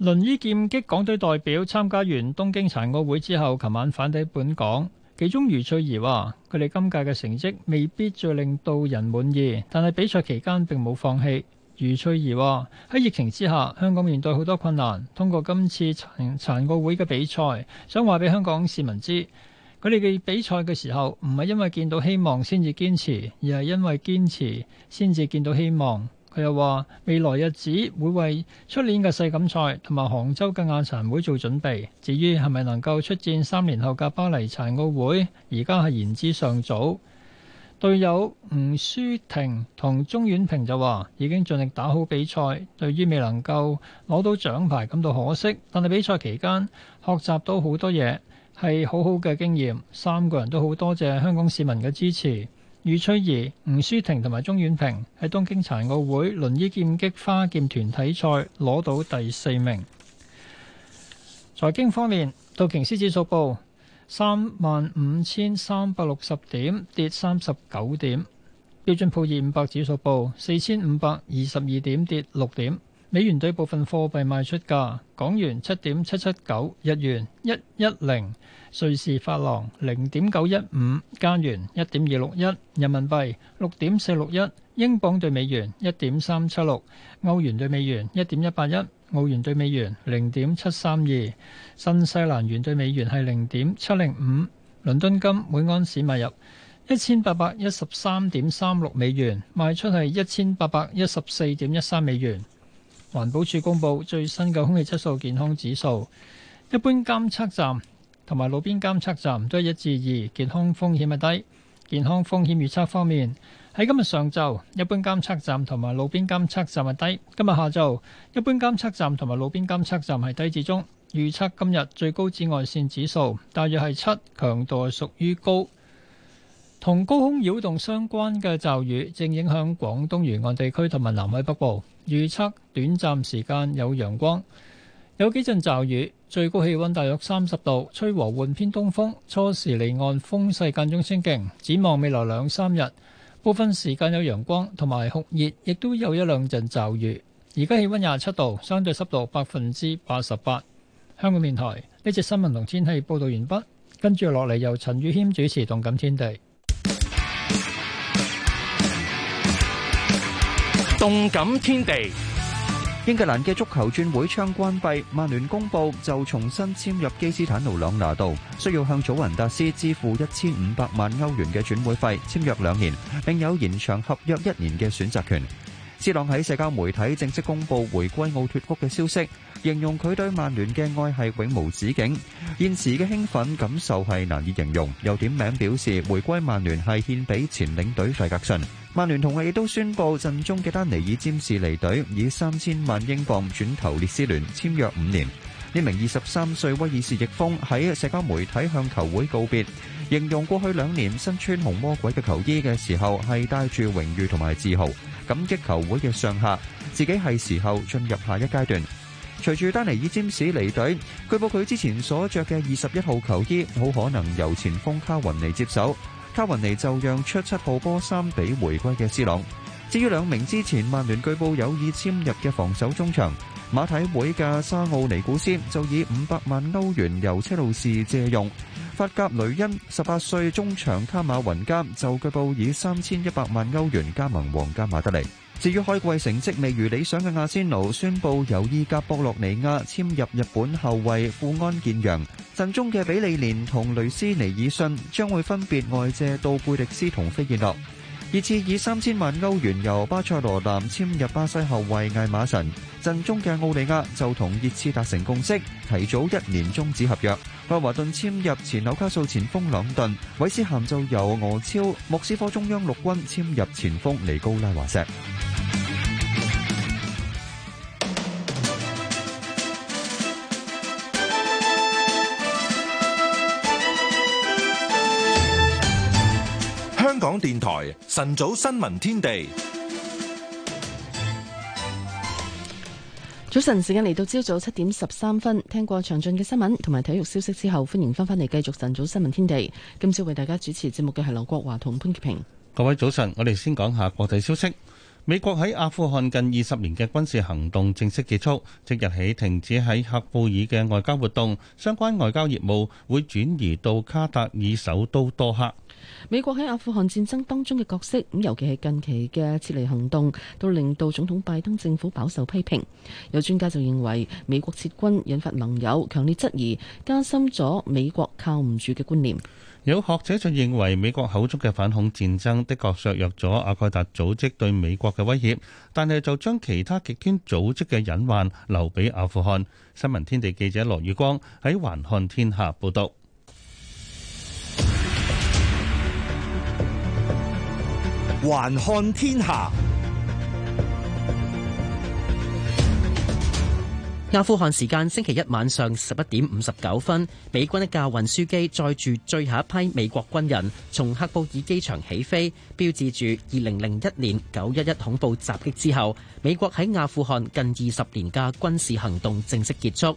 輪椅劍擊港隊代表參加完東京殘奧會之後，琴晚返抵本港。其中余翠怡話：佢哋今屆嘅成績未必最令到人滿意，但係比賽期間並冇放棄。余翠怡話：喺疫情之下，香港面對好多困難，通過今次殘殘奧會嘅比賽，想話俾香港市民知，佢哋嘅比賽嘅時候唔係因為見到希望先至堅持，而係因為堅持先至見到希望。佢又話：未來日子會為出年嘅世錦賽同埋杭州嘅亞殘會做準備。至於係咪能夠出戰三年後嘅巴黎殘奧會，而家係言之尚早。隊友吳舒婷同鍾婉萍就話：已經盡力打好比賽，對於未能夠攞到獎牌感到可惜，但係比賽期間學習到好多嘢，係好好嘅經驗。三個人都好多謝香港市民嘅支持。余翠怡、吳舒婷同埋鍾婉萍喺東京殘奧會輪椅劍擊花劍團體賽攞到第四名。財經方面，道瓊斯指數報三萬五千三百六十點，跌三十九點；標準普爾五百指數報四千五百二十二點，跌六點。美元對部分貨幣賣出價：港元七點七七九，日元一一零，瑞士法郎零點九一五，加元一點二六一，人民幣六點四六一，英鎊對美元一點三七六，歐元對美元一點一八一，澳元對美元零點七三二，新西蘭元對美元係零點七零五。倫敦金每盎司賣入一千八百一十三點三六美元，賣出係一千八百一十四點一三美元。環保署公布最新嘅空氣質素健康指數，一般監測站同埋路邊監測站都係一至二，健康風險係低。健康風險預測方面，喺今日上晝，一般監測站同埋路邊監測站係低；今日下晝，一般監測站同埋路邊監測站係低至中。預測今日最高紫外線指數大約係七，強度係屬於高。同高空擾動相關嘅驟雨正影響廣東沿岸地區同埋南海北部。預測短暫時間有陽光，有幾陣驟雨，最高氣溫大約三十度，吹和緩偏東風，初時離岸風勢間中清勁。展望未來兩三日，部分時間有陽光同埋酷熱，亦都有一兩陣驟雨。而家氣溫廿七度，相對濕度百分之八十八。香港電台呢節新聞同天氣報道完畢，跟住落嚟，由陳宇謙主持《動感天地》。動感天地，英格蘭嘅足球轉會窗關閉，曼聯公布就重新簽入基斯坦奴·朗拿度，需要向祖雲達斯支付一千五百萬歐元嘅轉會費，簽約兩年，並有延長合約一年嘅選擇權。C 朗喺社交媒體正式公布回歸奧脫谷嘅消息。形容佢對曼聯嘅愛係永無止境，現時嘅興奮感受係難以形容。又點名表示回歸曼聯係獻俾前領隊費格遜。曼聯同佢亦都宣布陣中嘅丹尼爾占士離隊，以三千萬英鎊轉投列斯聯，簽約五年。呢名二十三歲威爾士翼鋒喺社交媒體向球會告別，形容過去兩年身穿紅魔鬼嘅球衣嘅時候係帶住榮譽同埋自豪，感激球會嘅上下，自己係時候進入下一階段。隨住丹尼爾詹姆斯離隊，據報佢之前所着嘅二十一號球衣，好可能由前鋒卡雲尼接手。卡雲尼就讓出七號波衫俾回歸嘅斯朗。至於兩名之前曼聯據報有意簽入嘅防守中場，馬體會嘅沙奧尼古斯就以五百萬歐元由車路士借用。法甲雷恩十八歲中場卡馬雲監就據報以三千一百萬歐元加盟皇家馬德里。至於開季成績未如理想嘅亞仙奴，宣布由意甲博洛尼亞簽入日本後衞富安健洋；陣中嘅比利連同雷斯尼爾信將會分別外借到貝迪斯同飛燕諾。熱刺以三千萬歐元由巴塞羅南簽入巴西後衞艾馬神；陣中嘅奧利亞就同熱刺達成共識，提早一年終止合約。愛華頓簽入前紐卡素前鋒朗頓，韋斯咸就由俄超莫斯科中央陸軍簽入前鋒尼高拉華石。香港電台晨早新聞天地，早晨時間嚟到朝早七點十三分，聽過詳盡嘅新聞同埋體育消息之後，歡迎翻返嚟繼續晨早新聞天地。今朝為大家主持節目嘅係劉國華同潘潔平。各位早晨，我哋先講下國際消息。美國喺阿富汗近二十年嘅軍事行動正式結束，即日起停止喺喀布爾嘅外交活動，相關外交業務會轉移到卡塔爾首都多克。美國喺阿富汗戰爭當中嘅角色，咁尤其係近期嘅撤離行動，都令到總統拜登政府飽受批評。有專家就認為美國撤軍引發盟友強烈質疑，加深咗美國靠唔住嘅觀念。有學者就認為美國口中嘅反恐戰爭，的確削弱咗阿蓋達組織對美國嘅威脅，但係就將其他極端組織嘅隱患留俾阿富汗。新聞天地記者羅宇光喺環看天下報道。還看天下。阿富汗時間星期一晚上十一點五十九分，美軍一架運輸機載住最後一批美國軍人從喀布爾機場起飛，標誌住二零零一年九一一恐怖襲擊之後，美國喺阿富汗近二十年嘅軍事行動正式結束。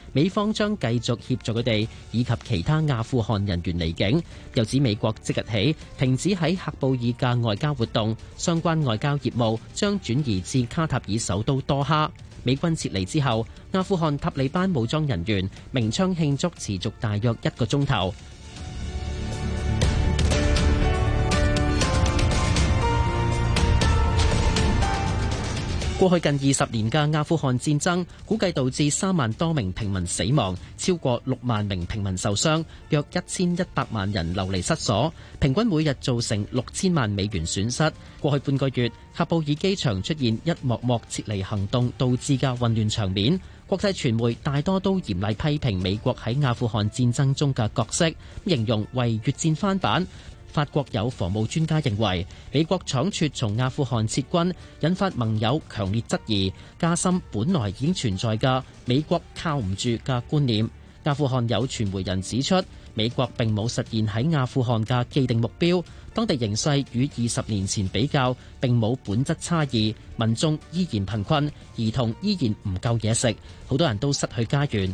美方將繼續協助佢哋以及其他阿富汗人員離境，又指美國即日起停止喺喀布爾嘅外交活動，相關外交業務將轉移至卡塔爾首都多哈。美軍撤離之後，阿富汗塔利班武裝人員鳴槍慶祝持續大約一個鐘頭。過去近二十年嘅阿富汗戰爭，估計導致三萬多名平民死亡，超過六萬名平民受傷，約一千一百萬人流離失所，平均每日造成六千萬美元損失。過去半個月，喀布爾機場出現一幕幕撤離行動導致嘅混亂場面，國際傳媒大多都嚴厲批評美國喺阿富汗戰爭中嘅角色，形容為越戰翻版。法國有防務專家認為，美國搶奪從阿富汗撤軍，引發盟友強烈質疑，加深本來已經存在嘅美國靠唔住嘅觀念。阿富汗有傳媒人指出，美國並冇實現喺阿富汗嘅既定目標，當地形勢與二十年前比較，並冇本質差異，民眾依然貧困，兒童依然唔夠嘢食，好多人都失去家園。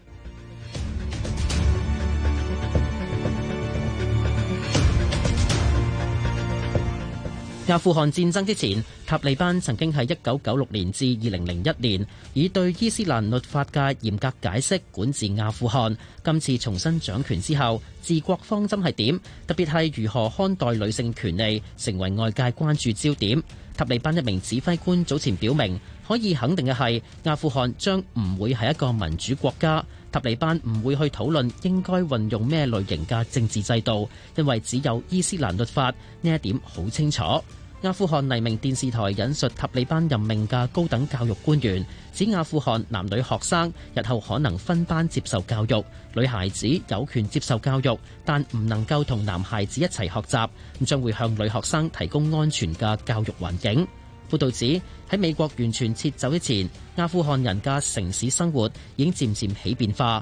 阿富汗戰爭之前，塔利班曾經喺一九九六年至二零零一年以對伊斯蘭律法嘅嚴格解釋管治阿富汗。今次重新掌權之後，治國方針係點？特別係如何看待女性權利，成為外界關注焦點。塔利班一名指揮官早前表明，可以肯定嘅係，阿富汗將唔會係一個民主國家。塔利班唔會去討論應該運用咩類型嘅政治制度，因為只有伊斯蘭律法呢一點好清楚。阿富汗黎明電視台引述塔利班任命嘅高等教育官員指，阿富汗男女學生日後可能分班接受教育，女孩子有權接受教育，但唔能夠同男孩子一齊學習，咁將會向女學生提供安全嘅教育環境。報道指，喺美國完全撤走之前，阿富汗人嘅城市生活已經漸漸起變化。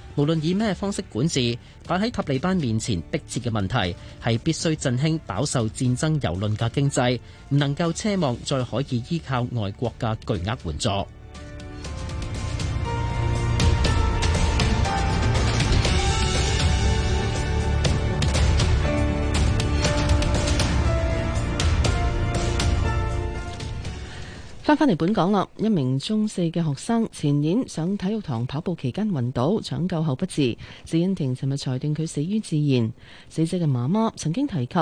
無論以咩方式管治，擺喺塔利班面前迫切嘅問題係必須振興飽受戰爭蹂躪嘅經濟，唔能夠奢望再可以依靠外國嘅巨額援助。返翻嚟本港啦，一名中四嘅學生前年上體育堂跑步期間暈倒，搶救後不治。死因庭尋日裁定佢死於自然。死者嘅媽媽曾經提及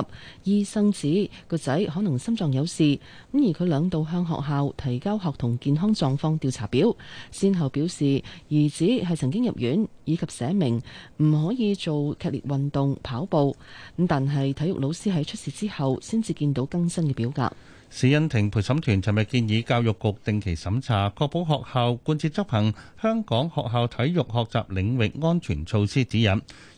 醫生指個仔可能心臟有事，咁而佢兩度向學校提交學童健康狀況調查表，先後表示兒子係曾經入院，以及寫明唔可以做劇烈運動跑步。咁但係體育老師喺出事之後先至見到更新嘅表格。史恩庭陪審團尋日建議教育局定期審查，確保學校貫徹執，執行《香港學校體育學習領域安全措施指引》。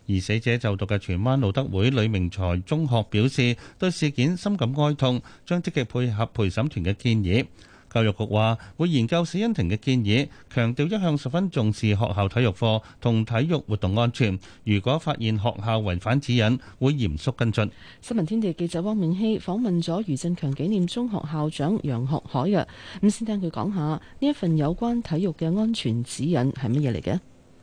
而死者就讀嘅荃灣路德會呂明才中學表示，對事件深感哀痛，將積極配合陪審團嘅建議。教育局話會研究史恩婷嘅建議，強調一向十分重視學校體育課同體育活動安全。如果發現學校違反指引，會嚴肅跟進。新聞天地記者汪永熙訪問咗余振強紀念中學校，校長楊學海呀，咁先聽佢講下呢一份有關體育嘅安全指引係乜嘢嚟嘅。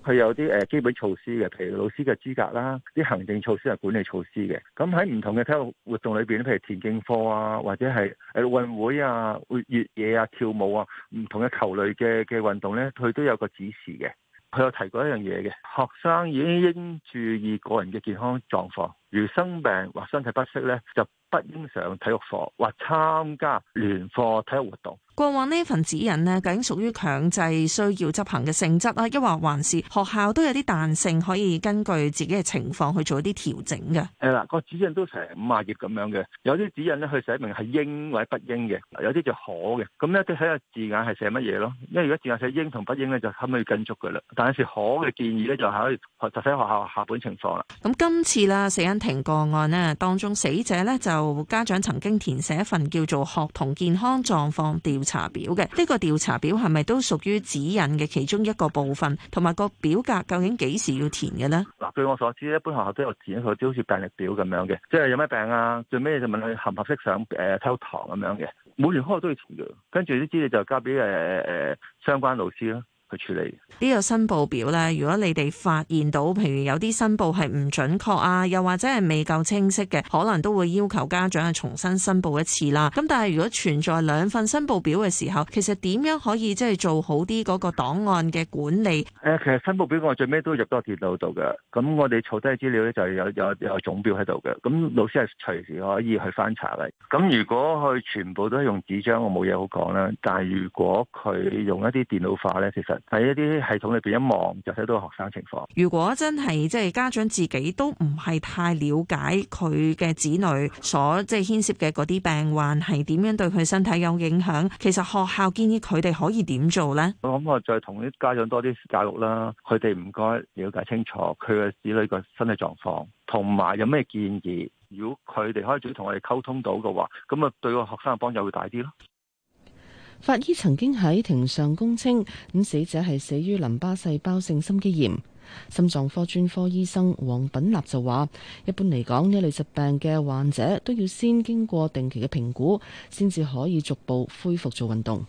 佢有啲誒基本措施嘅，譬如老師嘅資格啦，啲行政措施同管理措施嘅。咁喺唔同嘅體育活動裏邊，譬如田徑課啊，或者係誒運會啊，會越野啊、跳舞啊，唔同嘅球類嘅嘅運動呢，佢都有個指示嘅。佢有提過一樣嘢嘅，學生已經應注意個人嘅健康狀況，如生病或身體不適呢，就不應上體育課或參加聯課體育活動。過往呢份指引呢，究竟屬於強制需要執行嘅性質啊？抑或還是學校都有啲彈性，可以根據自己嘅情況去做一啲調整嘅。誒啦，那個指引都成五十頁咁樣嘅，有啲指引咧佢寫明係應或者不應嘅，有啲就可嘅。咁咧都睇下字眼係寫乜嘢咯。因為如果字眼寫應同不應咧，就可唔可以跟足噶啦？但係是可嘅建議咧，就係可以睇睇學校下本情況啦。咁今次啦，死因庭個案呢，當中，死者咧就呢。就家長曾經填寫一份叫做學童健康狀況調查表嘅，呢個調查表係咪都屬於指引嘅其中一個部分？同埋個表格究竟幾時要填嘅呢？嗱，據我所知，一般學校都有指引，佢都好似病歷表咁樣嘅，即係有咩病啊，最尾就問佢合唔合適上誒體育堂咁樣嘅。每年開學都要填嘅，跟住啲資料就交俾誒誒相關老師咯。去處理呢個申報表咧，如果你哋發現到，譬如有啲申報係唔準確啊，又或者係未夠清晰嘅，可能都會要求家長啊重新申報一次啦。咁但係如果存在兩份申報表嘅時候，其實點樣可以即係做好啲嗰個檔案嘅管理？誒，其實申報表我最尾都入咗電腦度嘅。咁我哋儲低資料咧就有有有總表喺度嘅。咁老師係隨時可以去翻查嘅。咁如果佢全部都係用紙張，我冇嘢好講啦。但係如果佢用一啲電腦化咧，其實。喺一啲系統裏邊一望就睇到學生情況。如果真係即係家長自己都唔係太了解佢嘅子女所即係牽涉嘅嗰啲病患係點樣對佢身體有影響，其實學校建議佢哋可以點做咧？我諗我再同啲家長多啲教育啦。佢哋唔該了解清楚佢嘅子女個身體狀況，同埋有咩建議。如果佢哋可以主動同我哋溝通到嘅話，咁啊對個學生嘅幫助會大啲咯。法醫曾經喺庭上供稱，咁死者係死於淋巴細胞性心肌炎。心臟科專科醫生黃品立就話，一般嚟講呢類疾病嘅患者都要先經過定期嘅評估，先至可以逐步恢復做運動。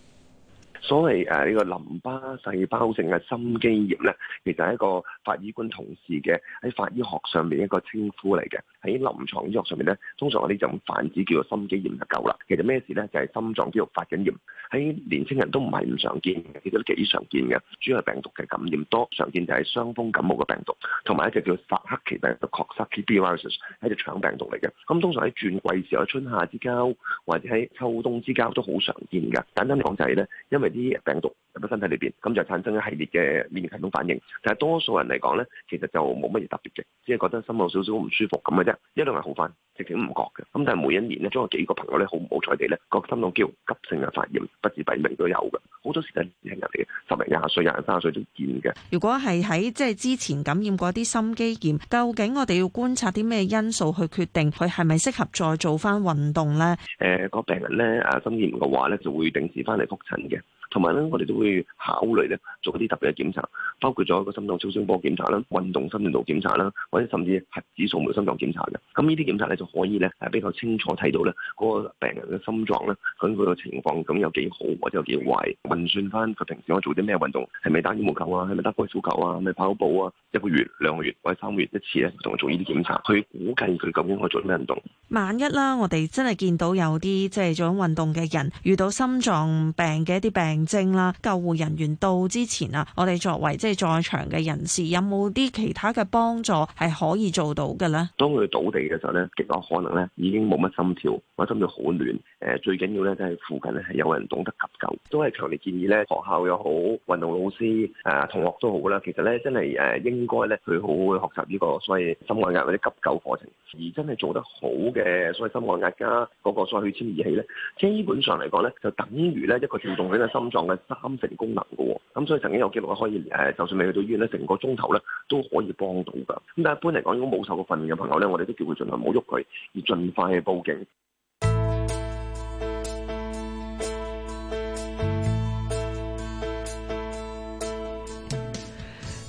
所謂誒呢個淋巴細胞性嘅心肌炎咧，其實係一個法醫官同事嘅喺法醫學上面一個稱呼嚟嘅。喺臨床醫學上面，咧，通常我哋就咁泛指叫做心肌炎就夠啦。其實咩事咧，就係、是、心臟肌肉發緊炎。喺年輕人都唔係唔常見嘅，其實都幾常見嘅。主要係病毒嘅感染多，常見就係傷風感冒嘅病毒，同埋一隻叫薩克奇病毒 Coxsackie B virus 係一隻腸病毒嚟嘅。咁通常喺轉季時候，春夏之交或者喺秋冬之交都好常見嘅。簡單嚟講就係咧，因為啲病毒入到身體裏邊，咁就產生一系列嘅免疫系統反應。但係多數人嚟講咧，其實就冇乜嘢特別嘅，只係覺得心口少少唔舒服咁嘅啫，一兩日好翻，直情唔覺嘅。咁但係每一年咧，都有幾個朋友咧好唔好彩地咧，個心臟肌肉急性嘅發炎，不治而亡都有嘅。好多時年輕人嚟嘅，十零廿歲、廿零三十歲就見嘅。如果係喺即係之前感染過啲心肌炎，究竟我哋要觀察啲咩因素去決定佢係咪適合再做翻運動咧？誒、呃，嗰個病人咧啊，心肌炎嘅話咧就會定時翻嚟覆診嘅。同埋咧，我哋都會考慮咧做一啲特別嘅檢查，包括咗一個心臟超聲波檢查啦、運動心電圖檢查啦，或者甚至核子掃描心臟檢查嘅。咁呢啲檢查咧就可以咧，係比較清楚睇到咧嗰個病人嘅心臟咧，咁佢嘅情況咁有幾好或者有幾壞，運算返佢平時我做啲咩運動，係咪打羽毛球啊，係咪打波球啊，係咪跑步啊，一個月、兩個月或者三個月一次咧，同做呢啲檢查，去估計佢究竟可以做咩運動。萬一啦，我哋真係見到有啲即係做緊運動嘅人遇到心臟病嘅一啲病。證啦，救護人員到之前啊，我哋作為即係在場嘅人士，有冇啲其他嘅幫助係可以做到嘅呢？當佢倒地嘅時候呢，極有可能呢已經冇乜心跳，或者心跳好亂。誒，最緊要呢，就係附近呢係有人懂得急救。都係強烈建議呢，學校又好，運動老師誒、啊、同學都好啦。其實呢，真係誒應該咧去好好去學習呢個所謂心外壓或者急救課程。而真係做得好嘅所謂心外壓加嗰個所謂除顫儀器咧，基本上嚟講呢，就等於呢一個跳動佢嘅心。狀嘅三成功能嘅，咁所以曾經有記錄可以誒，就算你去到醫院咧，成個鐘頭咧都可以幫到噶。咁但係一般嚟講，如果冇受過訓練嘅朋友咧，我哋都叫佢盡量唔好喐佢，而盡快去報警。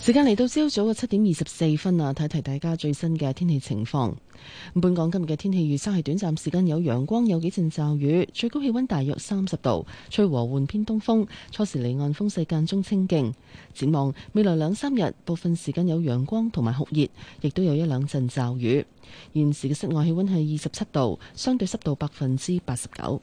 時間嚟到朝早嘅七點二十四分啊，睇一睇大家最新嘅天氣情況。本港今日嘅天氣預測係短暫時間有陽光，有幾陣驟雨，最高氣溫大約三十度，吹和緩偏東風，初時離岸風勢間中清勁。展望未來兩三日，部分時間有陽光同埋酷熱，亦都有一兩陣驟雨。現時嘅室外氣溫係二十七度，相對濕度百分之八十九。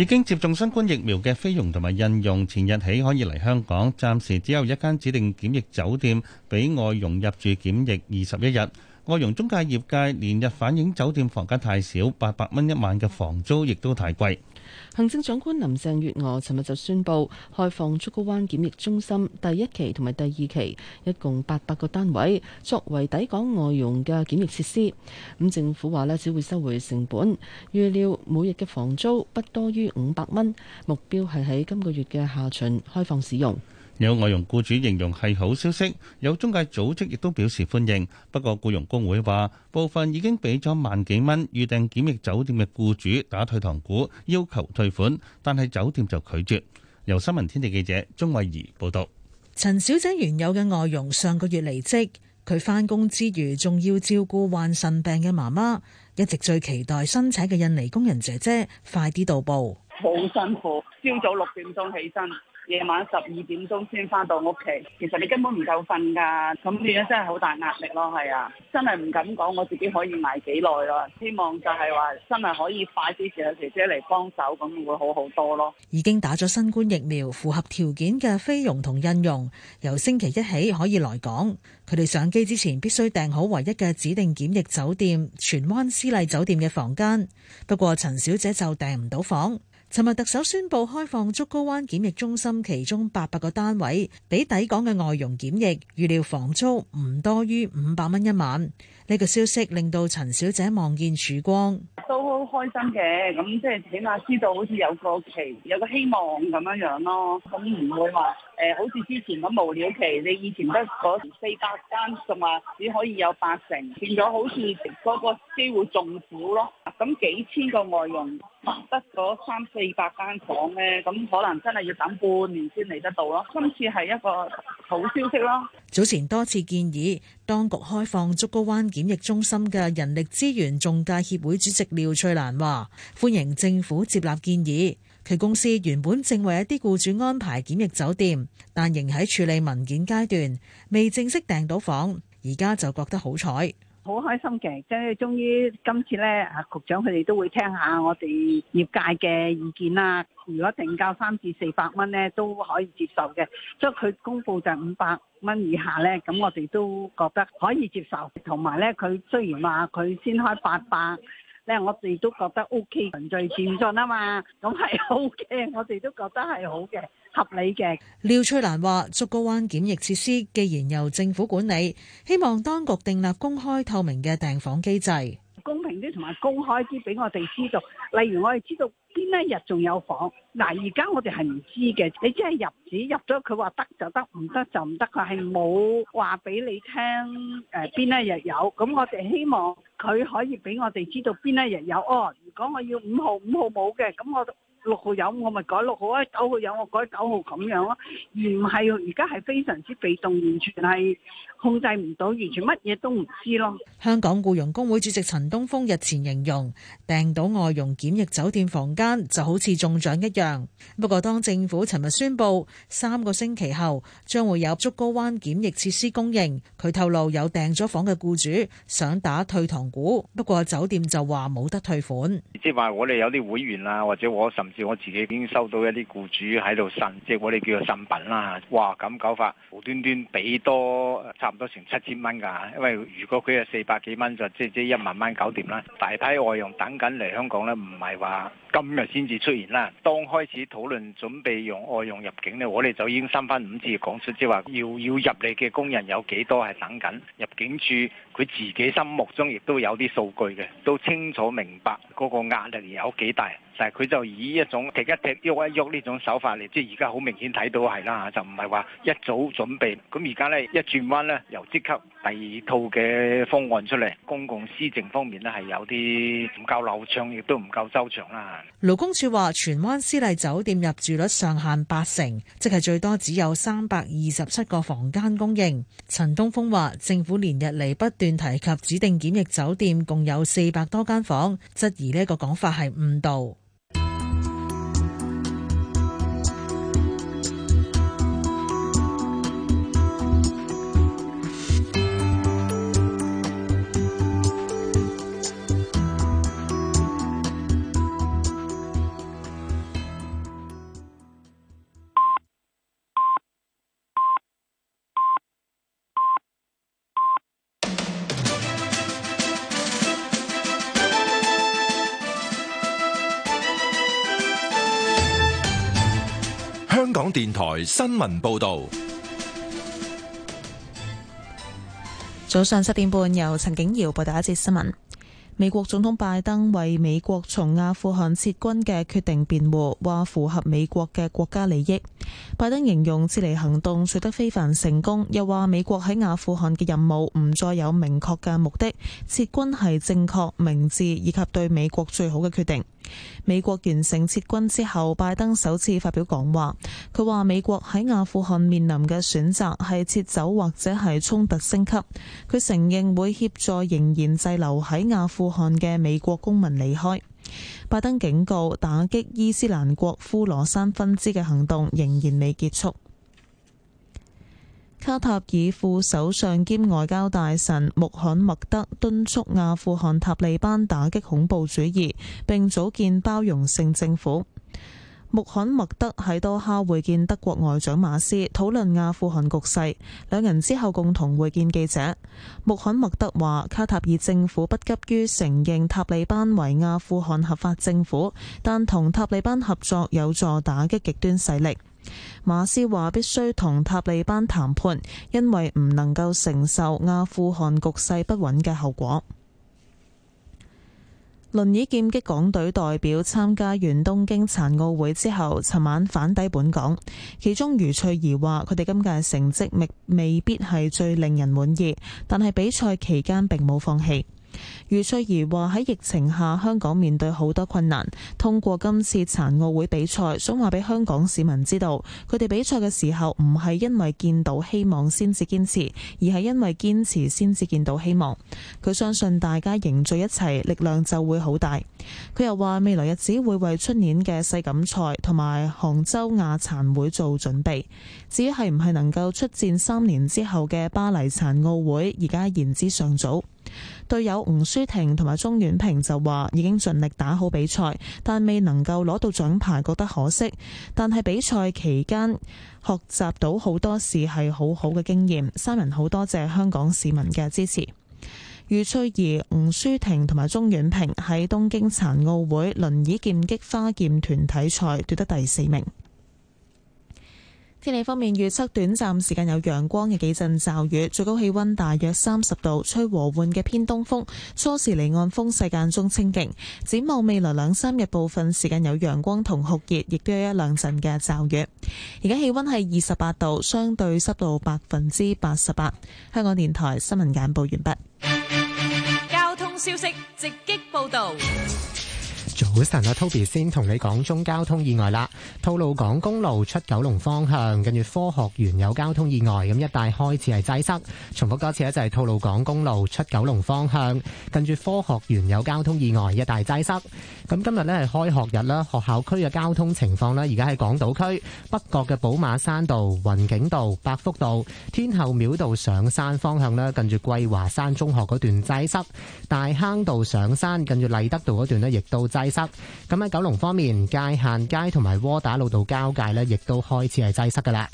已經接種新冠疫苗嘅菲傭同埋印傭，前日起可以嚟香港。暫時只有一間指定檢疫酒店俾外傭入住檢疫二十一日。外傭中介業界連日反映酒店房間太少，八百蚊一晚嘅房租亦都太貴。行政長官林鄭月娥尋日就宣布開放竹篙灣檢疫中心第一期同埋第二期，一共八百個單位，作為抵港外傭嘅檢疫設施。咁政府話呢只會收回成本，預料每日嘅房租不多於五百蚊，目標係喺今個月嘅下旬開放使用。有外傭雇主形容係好消息，有中介組織亦都表示歡迎。不過，雇傭工會話部分已經俾咗萬幾蚊預訂檢疫酒店嘅雇主打退堂鼓，要求退款，但係酒店就拒絕。由新聞天地記者鍾慧儀報道。陳小姐原有嘅外傭上個月離職，佢翻工之餘仲要照顧患腎病嘅媽媽，一直最期待新請嘅印尼工人姐姐快啲到埗。好辛苦，朝早六點鐘起身。夜晚十二點鐘先返到屋企，其實你根本唔夠瞓㗎，咁變咗真係好大壓力咯，係啊，真係唔敢講我自己可以捱幾耐啦。希望就係話真係可以快啲請阿姐姐嚟幫手，咁會好好多咯。已經打咗新冠疫苗、符合條件嘅菲傭同印傭，由星期一起可以來港。佢哋上機之前必須訂好唯一嘅指定檢疫酒店——荃灣絲麗酒店嘅房間。不過陳小姐就訂唔到房。尋日特首宣布開放竹篙灣檢疫中心其中八百個單位俾抵港嘅外傭檢疫，預料房租唔多於五百蚊一晚。呢個消息令到陳小姐望見曙光，都好開心嘅。咁即係起碼知道好似有個期，有個希望咁樣樣咯，咁唔會話。誒，好似之前咁無聊期，你以前得嗰四百間，仲話，只可以有八成，變咗好似嗰個機會仲少咯。咁幾千個外傭得嗰三四百間房咧，咁可能真係要等半年先嚟得到咯。今次係一個好消息咯。早前多次建議當局開放竹篙灣檢疫中心嘅人力資源仲介協會主席廖翠蘭話，歡迎政府接納建議。佢公司原本正為一啲雇主安排檢疫酒店，但仍喺處理文件階段，未正式訂到房。而家就覺得好彩，好開心嘅，即係終於今次咧，啊局長佢哋都會聽下我哋業界嘅意見啦。如果定價三至四百蚊咧，都可以接受嘅。即係佢公布就五百蚊以下咧，咁我哋都覺得可以接受。同埋咧，佢雖然話，佢先開八百。咧，我哋都覺得 OK，循序漸進啊嘛，咁係好嘅，我哋都覺得係好嘅，合理嘅。廖翠蘭話，竹篙灣檢疫設施既然由政府管理，希望當局訂立公開透明嘅訂房機制。公平啲同埋公開啲俾我哋知道，例如我哋知道邊一日仲有房，嗱而家我哋係唔知嘅，你即係入紙入咗佢話得就得，唔得就唔得，佢係冇話俾你聽誒邊一日有，咁我哋希望佢可以俾我哋知道邊一日有，哦，如果我要五號五號冇嘅，咁我。六號有我咪改六號啊，九號有我改九號咁樣咯，而唔係而家係非常之被動，完全係控制唔到，完全乜嘢都唔知咯。香港雇傭工會主席陳東峰日前形容訂到外傭檢疫酒店房間就好似中獎一樣。不過當政府尋日宣布三個星期後將會有竹篙灣檢疫設施公營，佢透露有訂咗房嘅僱主想打退堂鼓，不過酒店就話冇得退款。即係話我哋有啲會員啦，或者我至我自己已經收到一啲僱主喺度呻，即係我哋叫做呻品啦。哇，咁搞法，無端端俾多，差唔多成七千蚊㗎。因為如果佢係四百幾蚊，就即係、即係一萬蚊搞掂啦。大批外傭等緊嚟香港咧，唔係話。今日先至出現啦。當開始討論準備用外傭入境呢，我哋就已經三番五次講出，即係話要要入嚟嘅工人有幾多係等緊入境處，佢自己心目中亦都有啲數據嘅，都清楚明白嗰個壓力有幾大，但係佢就以一種踢一踢喐一喐呢種手法嚟，即係而家好明顯睇到係啦，就唔係話一早準備。咁而家呢一轉彎呢，又即刻。第二套嘅方案出嚟，公共施政方面呢，係有啲唔夠流暢，亦都唔夠周詳啦。勞工處話荃灣私麗酒店入住率上限八成，即係最多只有三百二十七個房間供應。陳東峰話政府連日嚟不斷提及指定檢疫酒店共有四百多間房，質疑呢個講法係誤導。電台新聞報道，早上七點半由陳景堯報道一節新聞。美國總統拜登為美國從阿富汗撤軍嘅決定辯護，話符合美國嘅國家利益。拜登形容撤離行動取得非凡成功，又話美國喺阿富汗嘅任務唔再有明確嘅目的，撤軍係正確、明智以及對美國最好嘅決定。美國完成撤軍之後，拜登首次發表講話。佢話美國喺阿富汗面臨嘅選擇係撤走或者係衝突升級。佢承認會協助仍然滯留喺阿富汗嘅美國公民離開。拜登警告打擊伊斯蘭國呼羅珊分支嘅行動仍然未結束。卡塔爾副首相兼外交大臣穆罕默德敦促阿富汗塔利班打擊恐怖主義，並組建包容性政府。穆罕默德喺多哈會見德國外長馬斯，討論阿富汗局勢。兩人之後共同會見記者。穆罕默德話，卡塔爾政府不急於承認塔利班為阿富汗合法政府，但同塔利班合作有助打擊極端勢力。馬斯話必須同塔利班談判，因為唔能夠承受阿富汗局勢不穩嘅後果。輪椅劍擊港隊代表參加完東京殘奧會之後，尋晚返抵本港。其中余翠怡話：佢哋今屆成績未未必係最令人滿意，但係比賽期間並冇放棄。余翠怡話：喺疫情下，香港面對好多困難。通過今次殘奧會比賽，想話俾香港市民知道，佢哋比賽嘅時候唔係因為見到希望先至堅持，而係因為堅持先至見到希望。佢相信大家凝聚一齊，力量就會好大。佢又話，未來日子會為出年嘅世錦賽同埋杭州亞殘會做準備。至於係唔係能夠出戰三年之後嘅巴黎殘奧會，而家言之尚早。隊友吳舒婷同埋鍾婉萍就話，已經盡力打好比賽，但未能夠攞到獎牌，覺得可惜。但係比賽期間學習到好多事係好好嘅經驗。三人好多謝香港市民嘅支持。余翠怡、吳舒婷同埋鍾婉萍喺東京殘奧會輪椅劍擊花劍團體賽奪得第四名。天氣方面預測，短暫時間有陽光嘅幾陣驟雨，最高氣溫大約三十度，吹和緩嘅偏東風，初時離岸風勢間中清勁。展望未來兩三日，部分時間有陽光同酷熱，亦都有一兩陣嘅驟雨。而家氣溫係二十八度，相對濕度百分之八十八。香港電台新聞簡報完畢。交通消息直擊報道。早晨啊，Toby 先同你講中交通意外啦。吐露港公路出九龍方向，跟住科學園有交通意外，咁一帶開始係擠塞。重複多次咧，就係吐露港公路出九龍方向，跟住科學園有交通意外，一帶擠塞。咁今日咧係開學日啦，學校區嘅交通情況咧，而家喺港島區北角嘅寶馬山道、雲景道、百福道、天后廟道上山方向咧，跟住桂華山中學嗰段擠塞。大坑道上山，跟住麗德道嗰段咧亦都擠。咁喺九龍方面，界限街同埋窩打老道交界咧，亦都開始係擠塞噶啦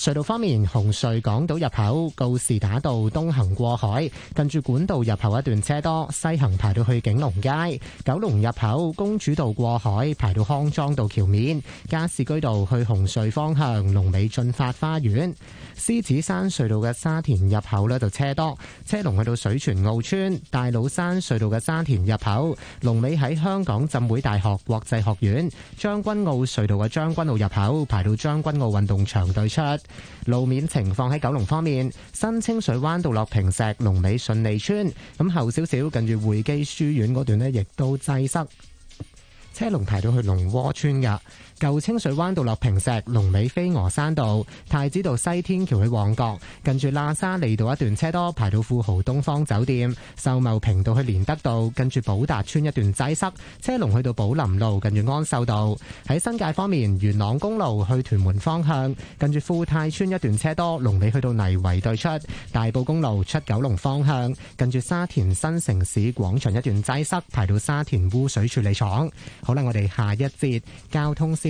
隧道方面，紅隧港島入口告士打道東行過海，近住管道入口一段車多；西行排到去景隆街。九龍入口公主道過海排到康莊道橋面，加士居道去紅隧方向，龍尾駿發花園。獅子山隧道嘅沙田入口呢就車多，車龍去到水泉澳村。大老山隧道嘅沙田入口，龍尾喺香港浸會大學國際學院。將軍澳隧道嘅將軍澳入口排到將軍澳運動場對出。路面情況喺九龍方面，新清水灣道落坪石龍尾順利村，咁後少少近住匯基書院嗰段呢，亦都擠塞，車龍排到去龍窩村噶。舊清水灣道落坪石，龍尾飛鵝山道、太子道西天橋去旺角，近住喇沙利道一段車多，排到富豪東方酒店。秀茂坪道去連德道，近住寶達邨一段擠塞，車龍去到寶林路，近住安秀道。喺新界方面，元朗公路去屯門方向，近住富泰邨一段車多，龍尾去到泥圍對出。大埔公路出九龍方向，近住沙田新城市廣場一段擠塞，排到沙田污水處理廠。好啦，我哋下一節交通先。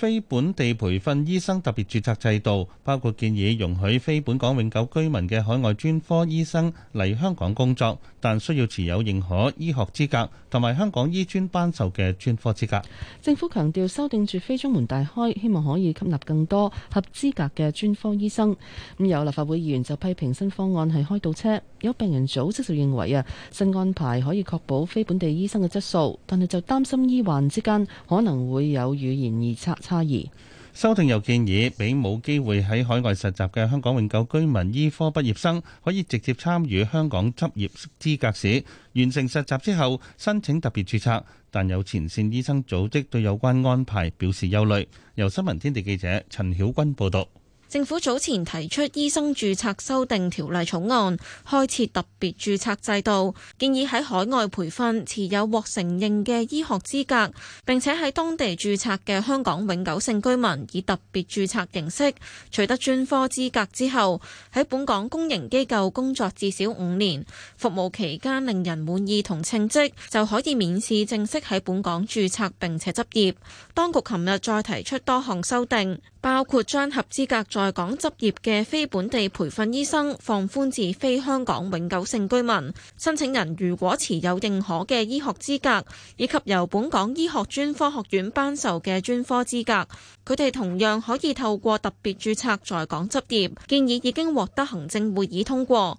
非本地培訓醫生特別註冊制度，包括建議容許非本港永久居民嘅海外專科醫生嚟香港工作，但需要持有認可醫學資格同埋香港醫專頒授嘅專科資格。政府強調修訂絕非中門大開，希望可以吸納更多合資格嘅專科醫生。咁有立法會議員就批評新方案係開倒車，有病人組織就認為啊，新安排可以確保非本地醫生嘅質素，但係就擔心醫患之間可能會有語言疑差。差異修訂又建議，俾冇機會喺海外實習嘅香港永久居民醫科畢業生，可以直接參與香港執業資格試，完成實習之後申請特別註冊。但有前線醫生組織對有關安排表示憂慮。由新聞天地記者陳曉君報道。政府早前提出醫生註冊修訂條例草案，開設特別註冊制度，建議喺海外培訓持有獲承認嘅醫學資格，並且喺當地註冊嘅香港永久性居民，以特別註冊形式取得專科資格之後，喺本港公營機構工作至少五年，服務期間令人滿意同稱職就可以免試正式喺本港註冊並且執業，當局琴日再提出多項修訂。包括將合資格在港執業嘅非本地培訓醫生放寬至非香港永久性居民。申請人如果持有認可嘅醫學資格，以及由本港醫學專科學院頒授嘅專科資格，佢哋同樣可以透過特別註冊在港執業。建議已經獲得行政會議通過。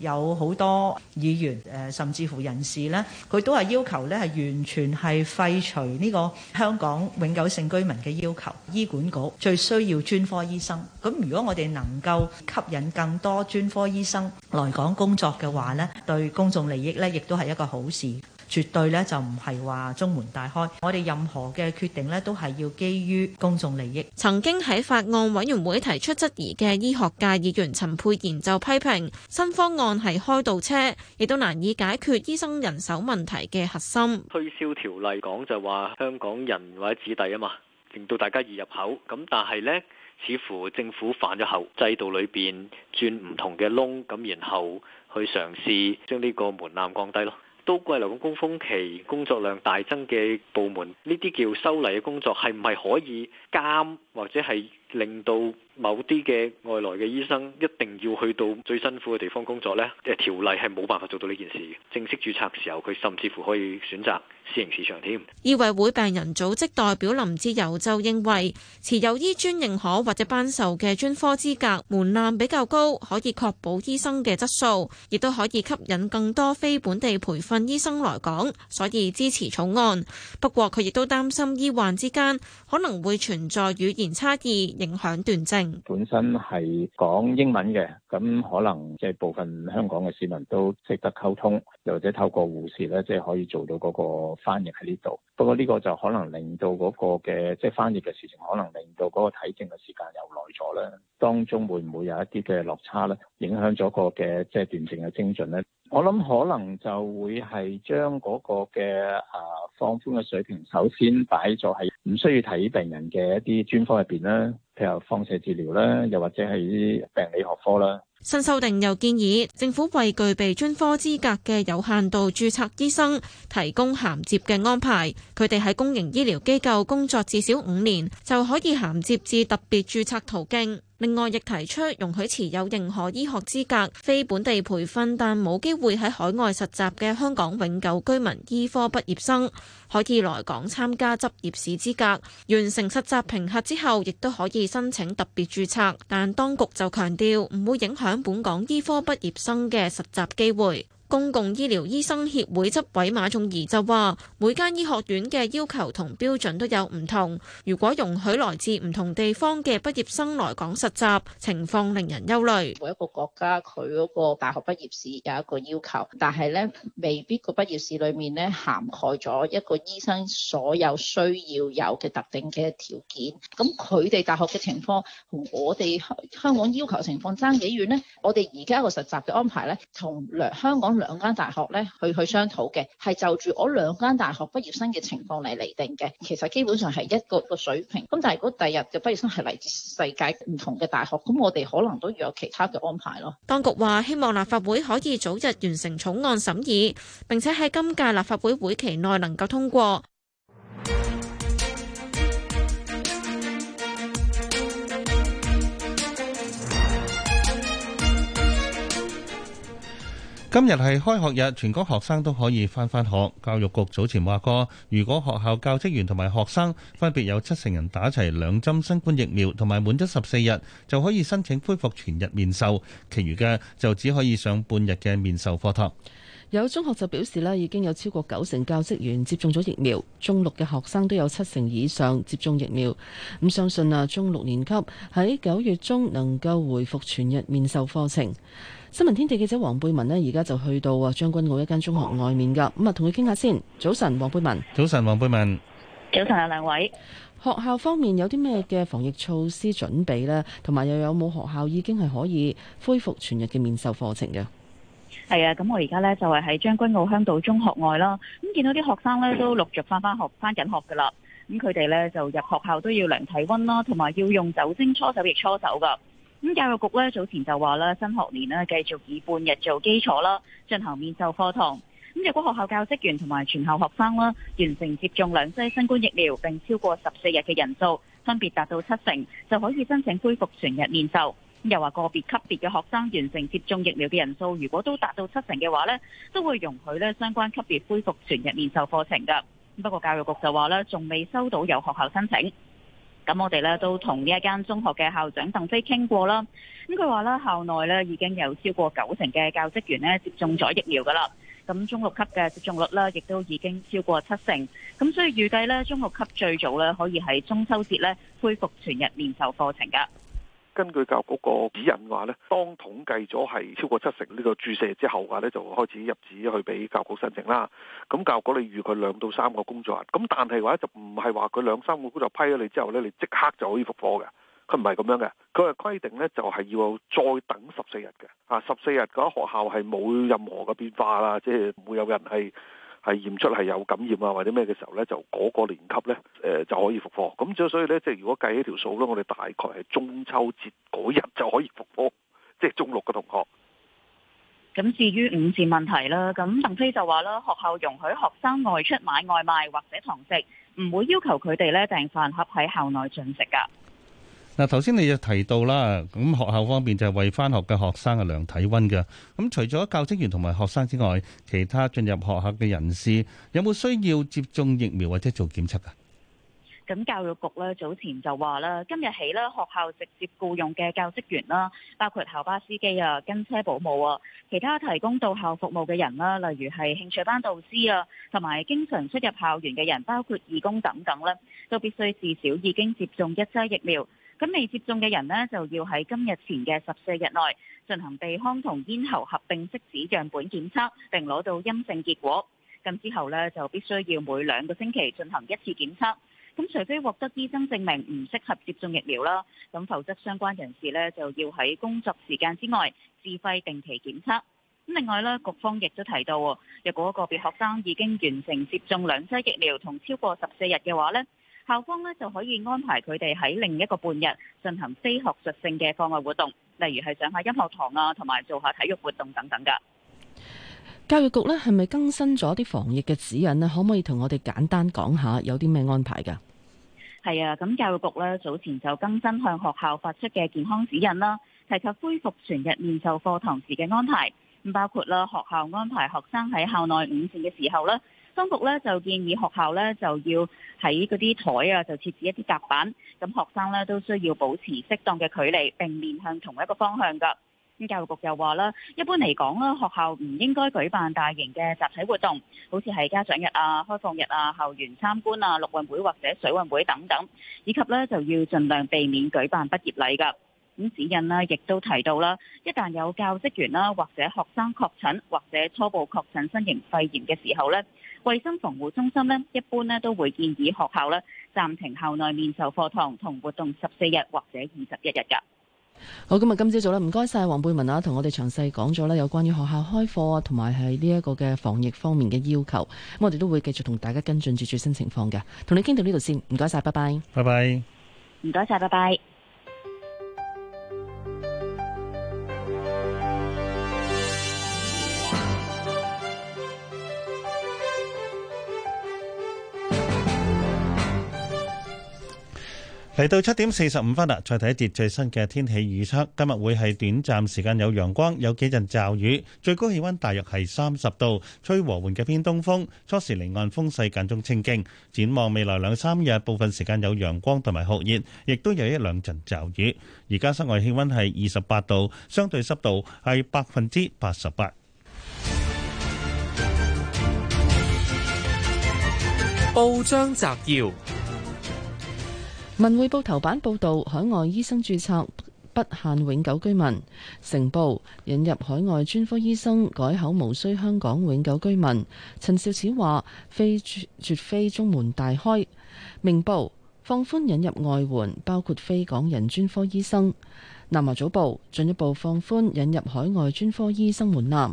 有好多議員誒、呃，甚至乎人士呢，佢都係要求呢，係完全係廢除呢個香港永久性居民嘅要求。醫管局最需要專科醫生，咁如果我哋能夠吸引更多專科醫生來港工作嘅話呢，對公眾利益呢，亦都係一個好事。絕對咧就唔係話中門大開，我哋任何嘅決定呢，都係要基於公眾利益。曾經喺法案委員會提出質疑嘅醫學界議員陳沛然就批評新方案係開倒車，亦都難以解決醫生人手問題嘅核心。推銷條例講就話香港人或者子弟啊嘛，令到大家易入口。咁但係呢，似乎政府反咗後制度裏邊轉唔同嘅窿，咁然後去嘗試將呢個門檻降低咯。都係留工高峰期工作量大增嘅部門，呢啲叫修例嘅工作係唔係可以監或者係令到？某啲嘅外來嘅醫生一定要去到最辛苦嘅地方工作咧，即係條例係冇辦法做到呢件事，正式注冊時候，佢甚至乎可以選擇私營市場添。醫委會病人組織代表林志柔就認為，持有醫專認可或者頒授嘅專科資格門檻比較高，可以確保醫生嘅質素，亦都可以吸引更多非本地培訓醫生來港，所以支持草案。不過佢亦都擔心醫患之間可能會存在語言差異，影響斷症。本身係講英文嘅，咁可能即係部分香港嘅市民都識得溝通，又或者透過護士咧，即係可以做到嗰個翻譯喺呢度。不過呢個就可能令到嗰個嘅即係翻譯嘅事情，可能令到嗰個體證嘅時間又耐咗啦。當中會唔會有一啲嘅落差咧？影響咗個嘅即係斷證嘅精準咧？我諗可能就會係將嗰個嘅啊放寬嘅水平，首先擺咗喺唔需要睇病人嘅一啲專科入邊啦，譬如放射治療啦，又或者係啲病理學科啦。陳秀定又建議政府為具備專科資格嘅有限度註冊醫生提供銜接嘅安排，佢哋喺公營醫療機構工作至少五年就可以銜接至特別註冊途徑。另外，亦提出容許持有任何醫學資格、非本地培訓，但冇機會喺海外實習嘅香港永久居民醫科畢業生，可以來港參加執業試資格，完成實習評核之後亦都可以申請特別註冊，但當局就強調唔會影響本港醫科畢業生嘅實習機會。公共醫療醫生協會執委馬仲儀就話，每間醫學院嘅要求同標準都有唔同。如果容許來自唔同地方嘅畢業生來港實習，情況令人憂慮，每一個國家佢嗰個大學畢業試有一個要求，但係咧未必個畢業試裏面咧涵蓋咗一個醫生所有需要有嘅特定嘅條件。咁佢哋大學嘅情況同我哋香港要求情況爭幾遠咧？我哋而家個實習嘅安排咧，同兩香港。兩間大學咧，去去商討嘅係就住我兩間大學畢業生嘅情況嚟嚟定嘅，其實基本上係一個個水平。咁但係如果第日嘅畢業生係嚟自世界唔同嘅大學，咁我哋可能都要有其他嘅安排咯。當局話希望立法會可以早日完成草案審議，並且喺今屆立法會會期內能夠通過。今日係開學日，全港學生都可以返返學。教育局早前話過，如果學校教職員同埋學生分別有七成人打齊兩針新冠疫苗，同埋滿咗十四日，就可以申請恢復全日面授，其餘嘅就只可以上半日嘅面授課堂。有中學就表示咧，已經有超過九成教職員接種咗疫苗，中六嘅學生都有七成以上接種疫苗。咁相信啊，中六年級喺九月中能夠恢復全日面授課程。新聞天地記者黃貝文呢，而家就去到啊將軍澳一間中學外面噶，咁啊，同佢傾下先。早晨，黃貝文。早晨，黃貝文。早晨啊，兩位。學校方面有啲咩嘅防疫措施準備呢？同埋又有冇學校已經係可以恢復全日嘅面授課程嘅？係啊，咁我而家呢，就係喺將軍澳香島中學外啦。咁、嗯、見到啲學生呢，都陸續翻翻學，翻緊學噶啦。咁佢哋呢，就入學校都要量體溫啦，同埋要用酒精搓手液搓手噶。咁教育局咧早前就話咧新學年咧繼續以半日做基礎啦，進行面授課堂。咁如果學校教職員同埋全校學生啦，完成接種兩劑新冠疫苗並超過十四日嘅人數，分別達到七成，就可以申請恢復全日面授。又話個別級別嘅學生完成接種疫苗嘅人數如果都達到七成嘅話咧，都會容許咧相關級別恢復全日面授課程噶。不過教育局就話咧仲未收到有學校申請。咁我哋咧都同呢一間中學嘅校長鄧飛傾過啦，咁佢話咧校內咧已經有超過九成嘅教職員咧接種咗疫苗噶啦，咁中六級嘅接種率咧亦都已經超過七成，咁所以預計咧中六級最早咧可以喺中秋節咧恢復全日面授課程㗎。根據教育局個指引話咧，當統計咗係超過七成呢個注射之後話咧，就開始入紙去俾教育局申請啦。咁教育局你預佢兩到三個工作日，咁但係話就唔係話佢兩三個工作日批咗你之後咧，你即刻就可以復課嘅。佢唔係咁樣嘅，佢係規定咧就係、是、要再等十四日嘅。啊，十四日嗰學校係冇任何嘅變化啦，即係唔會有人係。係驗出係有感染啊，或者咩嘅時候呢，就嗰個年級呢誒、呃、就可以復課。咁、嗯、即所以呢，即係如果計起條數呢，我哋大概係中秋節嗰日就可以復課，即、就、係、是，中六嘅同學。咁至於午膳問題啦，咁鄧飛就話啦，學校容許學生外出買外賣或者堂食，唔會要求佢哋呢訂飯盒喺校內進食㗎。嗱，頭先你就提到啦，咁學校方面就係為翻學嘅學生啊量體温嘅。咁除咗教職員同埋學生之外，其他進入學校嘅人士有冇需要接種疫苗或者做檢測噶？咁教育局咧早前就話啦，今日起咧學校直接僱傭嘅教職員啦，包括校巴司機啊、跟車保姆啊，其他提供到校服務嘅人啦，例如係興趣班導師啊，同埋經常出入校園嘅人，包括義工等等啦，都必須至少已經接種一劑疫苗。咁未接種嘅人呢，就要喺今日前嘅十四日內進行鼻腔同咽喉合併拭子樣本檢測，並攞到陰性結果。咁之後呢，就必須要每兩個星期進行一次檢測。咁除非獲得醫生證明唔適合接種疫苗啦，咁否則相關人士呢，就要喺工作時間之外自費定期檢測。咁另外呢，局方亦都提到，若果個別學生已經完成接種兩劑疫苗同超過十四日嘅話呢，校方呢就可以安排佢哋喺另一個半日進行非學術性嘅課外活動，例如係上下音樂堂啊，同埋做下體育活動等等噶。教育局呢，係咪更新咗啲防疫嘅指引呢？可唔可以同我哋簡單講下有啲咩安排噶？係啊，咁教育局呢，早前就更新向學校發出嘅健康指引啦，提及恢復全日面授課堂時嘅安排，咁包括啦學校安排學生喺校內午膳嘅時候呢。當局咧就建議學校咧就要喺嗰啲台啊就設置一啲隔板，咁學生咧都需要保持適當嘅距離，並面向同一個方向噶。咁教育局又話啦，一般嚟講啦，學校唔應該舉辦大型嘅集體活動，好似係家長日啊、開放日啊、校園參觀啊、陸運會或者水運會等等，以及咧就要盡量避免舉辦畢業禮噶。咁指引咧亦都提到啦，一旦有教職員啦或者學生確診或者初步確診新型肺炎嘅時候咧。衛生防護中心咧，一般咧都會建議學校咧暫停校內面授課堂同活動十四日或者二十一日噶。好，今日今朝早啦，唔該晒黃貝文啊，同我哋詳細講咗啦，有關於學校開課啊，同埋係呢一個嘅防疫方面嘅要求。咁我哋都會繼續同大家跟進住最新情況嘅，同你傾到呢度先，唔該晒，拜拜，拜拜，唔該晒，拜拜。嚟到七點四十五分啦，再睇一節最新嘅天氣預測。今日會係短暫時間有陽光，有幾陣驟雨，最高氣溫大約係三十度，吹和緩嘅偏東風，初時離岸風勢間中清勁。展望未來兩三日，部分時間有陽光同埋酷熱，亦都有一兩陣驟雨。而家室外氣溫係二十八度，相對濕度係百分之八十八。報章摘要。文匯報頭版報道，海外醫生注冊不限永久居民。成報引入海外專科醫生改口無需香港永久居民。陳肇始話：非絕，絕非中門大開。明報放寬引入外援，包括非港人專科醫生。南華早報進一步放寬引入海外專科醫生門檻。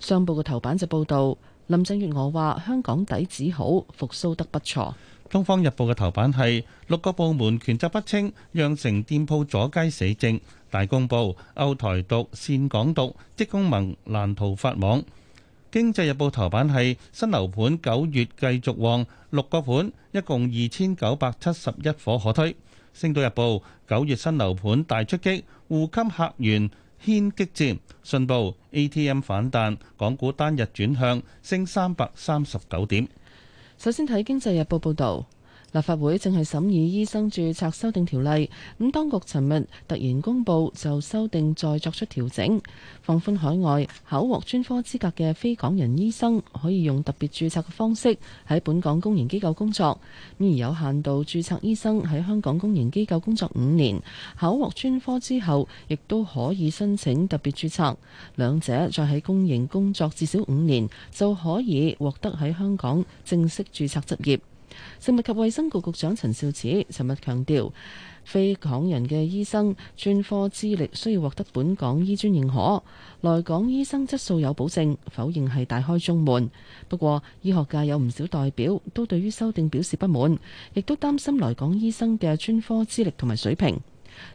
上報嘅頭版就報道，林鄭月娥話香港底子好，復蘇得不錯。《東方日報》嘅頭版係六個部門權責不清，讓成店鋪阻街死症。大公報勾台獨、煽港獨，職工盟難逃法網。《經濟日報》頭版係新樓盤九月繼續旺，六個盤一共二千九百七十一伙可推。《星島日報》九月新樓盤大出擊，互金客源掀激戰。信報 ATM 反彈，港股單日轉向，升三百三十九點。首先睇《經濟日報》報道報導。立法會正係審議醫生註冊修訂條例，咁當局尋日突然公佈就修訂再作出調整，放寬海外考獲專科資格嘅非港人醫生可以用特別註冊嘅方式喺本港公營機構工作，而有限度註冊醫生喺香港公營機構工作五年考獲專科之後，亦都可以申請特別註冊，兩者再喺公營工作至少五年就可以獲得喺香港正式註冊執業。食物及衛生局局長陳肇始尋日強調，非港人嘅醫生專科資歷需要獲得本港醫專認可，來港醫生質素有保證，否認係大開中門。不過，醫學界有唔少代表都對於修訂表示不滿，亦都擔心來港醫生嘅專科資歷同埋水平。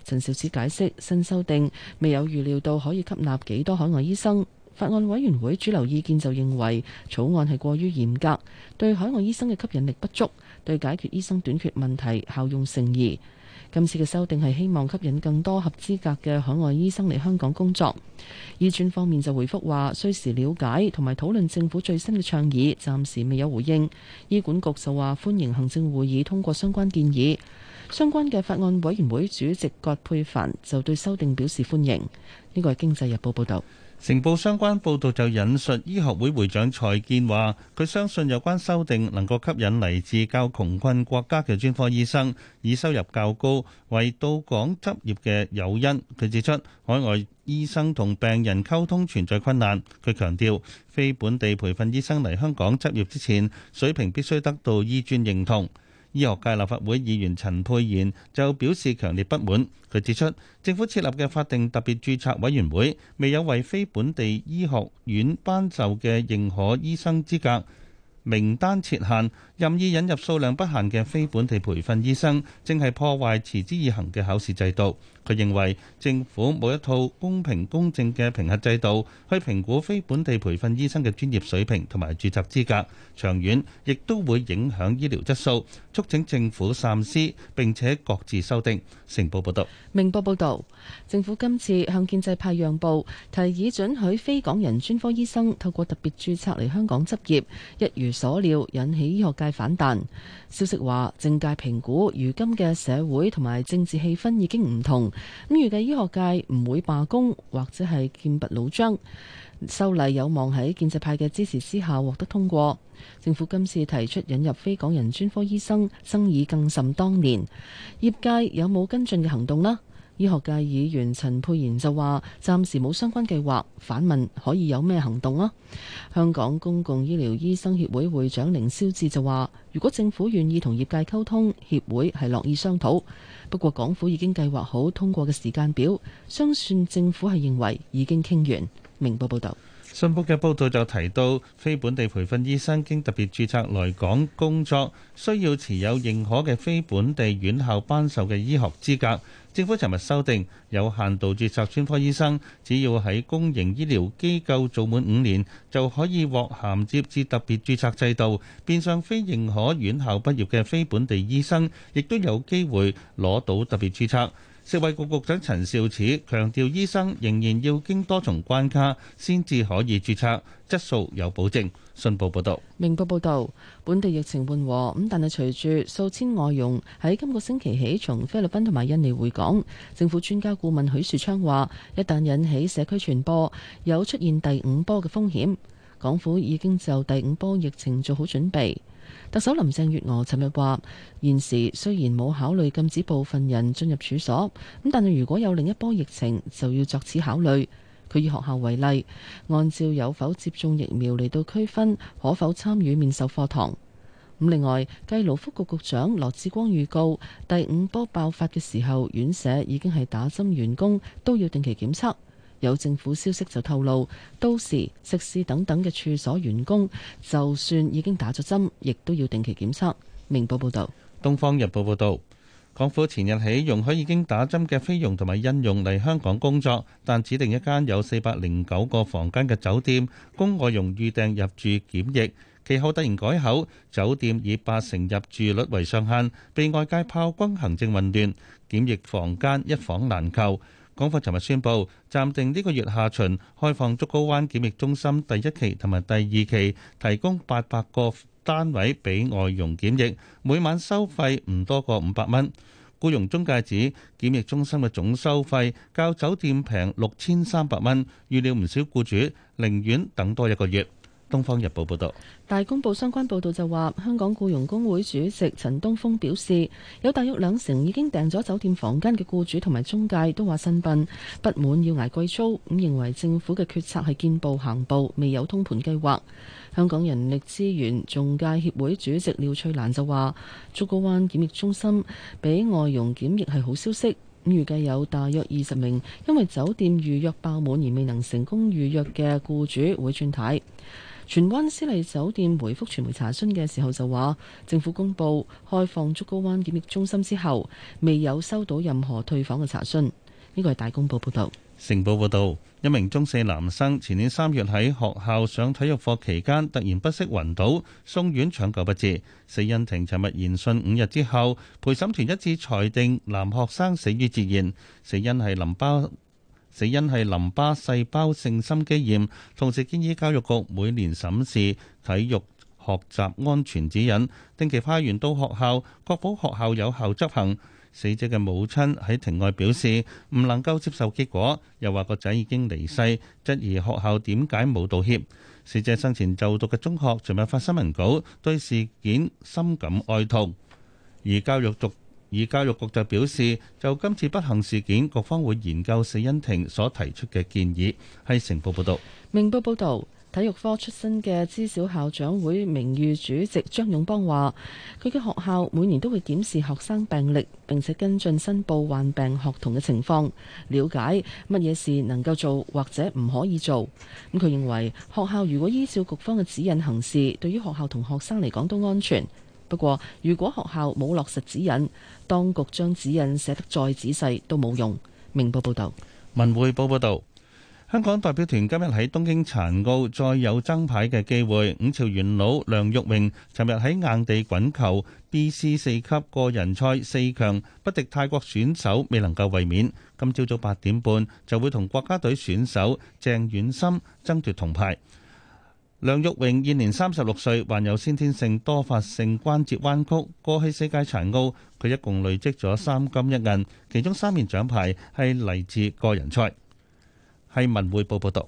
陳肇始解釋，新修訂未有預料到可以吸納幾多海外醫生。法案委員會主流意見就認為草案係過於嚴格，對海外醫生嘅吸引力不足，對解決醫生短缺問題效用成疑。今次嘅修訂係希望吸引更多合資格嘅海外醫生嚟香港工作。醫專方面就回覆話，需時了解同埋討論政府最新嘅倡議，暫時未有回應。醫管局就話歡迎行政會議通過相關建議。相關嘅法案委員會主席葛珮帆就對修訂表示歡迎。呢個係《經濟日報》報導。成報相關報道就引述醫學會會長蔡堅話，佢相信有關修訂能夠吸引嚟自較窮困國家嘅專科醫生，以收入較高為到港執業嘅誘因。佢指出，海外醫生同病人溝通存在困難。佢強調，非本地培訓醫生嚟香港執業之前，水平必須得到醫專認同。醫學界立法會議員陳沛然就表示強烈不滿，佢指出，政府設立嘅法定特別註冊委員會，未有為非本地醫學院頒授嘅認可醫生資格名單設限。任意引入數量不限嘅非本地培訓醫生，正係破壞持之以恆嘅考試制度。佢認為政府冇一套公平公正嘅評核制度去評估非本地培訓醫生嘅專業水平同埋註冊資格，長遠亦都會影響醫療質素。促請政府三思並且各自修訂。成報報道，明報報道，政府今次向建制派讓步，提議准許非港人專科醫生透過特別注冊嚟香港執業，一如所料，引起醫學界。反彈消息話，政界評估如今嘅社會同埋政治氣氛已經唔同，咁預計醫學界唔會罷工或者係劍拔弩張，修例有望喺建制派嘅支持之下獲得通過。政府今次提出引入非港人專科醫生，爭議更甚當年，業界有冇跟進嘅行動呢？醫學界議員陳沛然就話：暫時冇相關計劃，反問可以有咩行動啊？香港公共醫療醫生協會會長凌霄志就話：如果政府願意同業界溝通，協會係樂意商討。不過港府已經計劃好通過嘅時間表，相信政府係認為已經傾完。明報報道。信報嘅報道就提到，非本地培訓醫生經特別註冊來港工作，需要持有認可嘅非本地院校頒授嘅醫學資格。政府尋日修訂，有限度註冊專科醫生，只要喺公營醫療機構做滿五年，就可以獲銜接至特別註冊制度，變相非認可院校畢業嘅非本地醫生，亦都有機會攞到特別註冊。食衛局局長陳肇始強調，醫生仍然要經多重關卡，先至可以註冊，質素有保證。信報報道，明報報道，本地疫情緩和，咁但係隨住數千外傭喺今個星期起從菲律賓同埋印尼回港，政府專家顧問許樹昌話，一旦引起社區傳播，有出現第五波嘅風險。港府已經就第五波疫情做好準備。特首林鄭月娥尋日話：現時雖然冇考慮禁止部分人進入處所咁，但係如果有另一波疫情，就要作此考慮。佢以學校為例，按照有否接種疫苗嚟到區分可否參與面授課堂。咁另外，繼勞福局局長羅志光預告，第五波爆發嘅時候，院舍已經係打針員工都要定期檢測。有政府消息就透露，到時食肆等等嘅處所員工，就算已經打咗針，亦都要定期檢測。明報報道、東方日報報道，港府前日起容許已經打針嘅菲傭同埋印傭嚟香港工作，但指定一間有四百零九個房間嘅酒店供外傭預訂入住檢疫。其後突然改口，酒店以八成入住率為上限，被外界炮轟行政混亂，檢疫房間一房難求。港府尋日宣布暫定呢個月下旬開放竹篙灣檢疫中心第一期同埋第二期，提供八百個單位俾外傭檢疫，每晚收費唔多過五百蚊。僱傭中介指檢疫中心嘅總收費較酒店平六千三百蚊，預料唔少僱主寧願等多一個月。《東方日報》報道，大公報相關報導就話，香港僱傭公會主席陳東峰表示，有大約兩成已經訂咗酒店房間嘅僱主同埋中介都話新報不滿要挨貴租，咁認為政府嘅決策係見步行步，未有通盤計劃。香港人力資源仲介協會主席廖翠蘭就話，竹篙灣檢疫中心俾外傭檢疫係好消息，咁預計有大約二十名因為酒店預約爆滿而未能成功預約嘅僱主會轉軚。荃灣私利酒店回覆傳媒查詢嘅時候就話，政府公布開放竹篙灣檢疫中心之後，未有收到任何退房嘅查詢。呢個係大公報報導。成報報導，一名中四男生前年三月喺學校上體育課期間突然不適暈倒，送院搶救不治，死因庭尋日延訊五日之後，陪審團一致裁定男學生死於自然，死因係淋巴。死因係淋巴細胞性心肌炎，同時建議教育局每年審視體育學習安全指引，定期派員到學校，確保學校有效執行。死者嘅母親喺庭外表示唔能夠接受結果，又話個仔已經離世，質疑學校點解冇道歉。死者生前就讀嘅中學尋日發新聞稿對事件深感哀痛，而教育局而教育局就表示，就今次不幸事件，局方會研究死因庭所提出嘅建議。係成報報道，明報報道，體育科出身嘅資小校長會名譽主席張勇邦話，佢嘅學校每年都會檢視學生病歷，並且跟進申報患病學童嘅情況，了解乜嘢事能夠做或者唔可以做。咁佢認為，學校如果依照局方嘅指引行事，對於學校同學生嚟講都安全。不過，如果學校冇落實指引，當局將指引寫得再仔細都冇用。明報報道。文匯報報道，香港代表團今日喺東京殘奧再有爭牌嘅機會。五朝元老梁育榮，尋日喺硬地滾球 B C 四級個人賽四強，不敵泰國選手，未能夠衛冕。今朝早八點半就會同國家隊選手鄭遠心爭奪銅牌。梁玉榮現年三十六歲，患有先天性多發性關節彎曲。過去世界殘奧，佢一共累積咗三金一銀，其中三面獎牌係嚟自個人賽。係文匯報報道。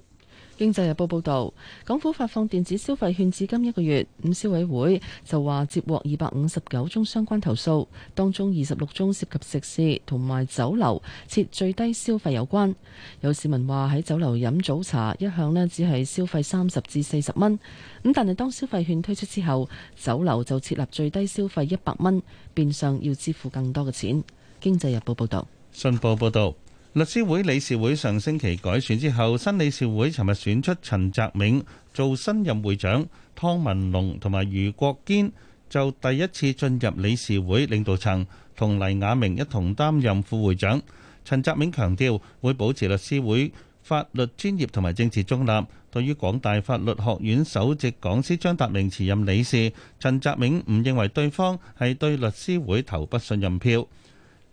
經濟日報報道，港府發放電子消費券至今一個月，五消委會就話接獲二百五十九宗相關投訴，當中二十六宗涉及食肆同埋酒樓設最低消費有關。有市民話喺酒樓飲早茶一向咧，只係消費三十至四十蚊，咁但係當消費券推出之後，酒樓就設立最低消費一百蚊，變相要支付更多嘅錢。經濟日報報道，新報報道。律師會理事會上星期改選之後，新理事會尋日選出陳澤銘做新任會長，湯文龍同埋余國堅就第一次進入理事會領導層，同黎雅明一同擔任副會長。陳澤銘強調會保持律師會法律專業同埋政治中立。對於港大法律學院首席講師張達明辭任理事，陳澤銘唔認為對方係對律師會投不信任票。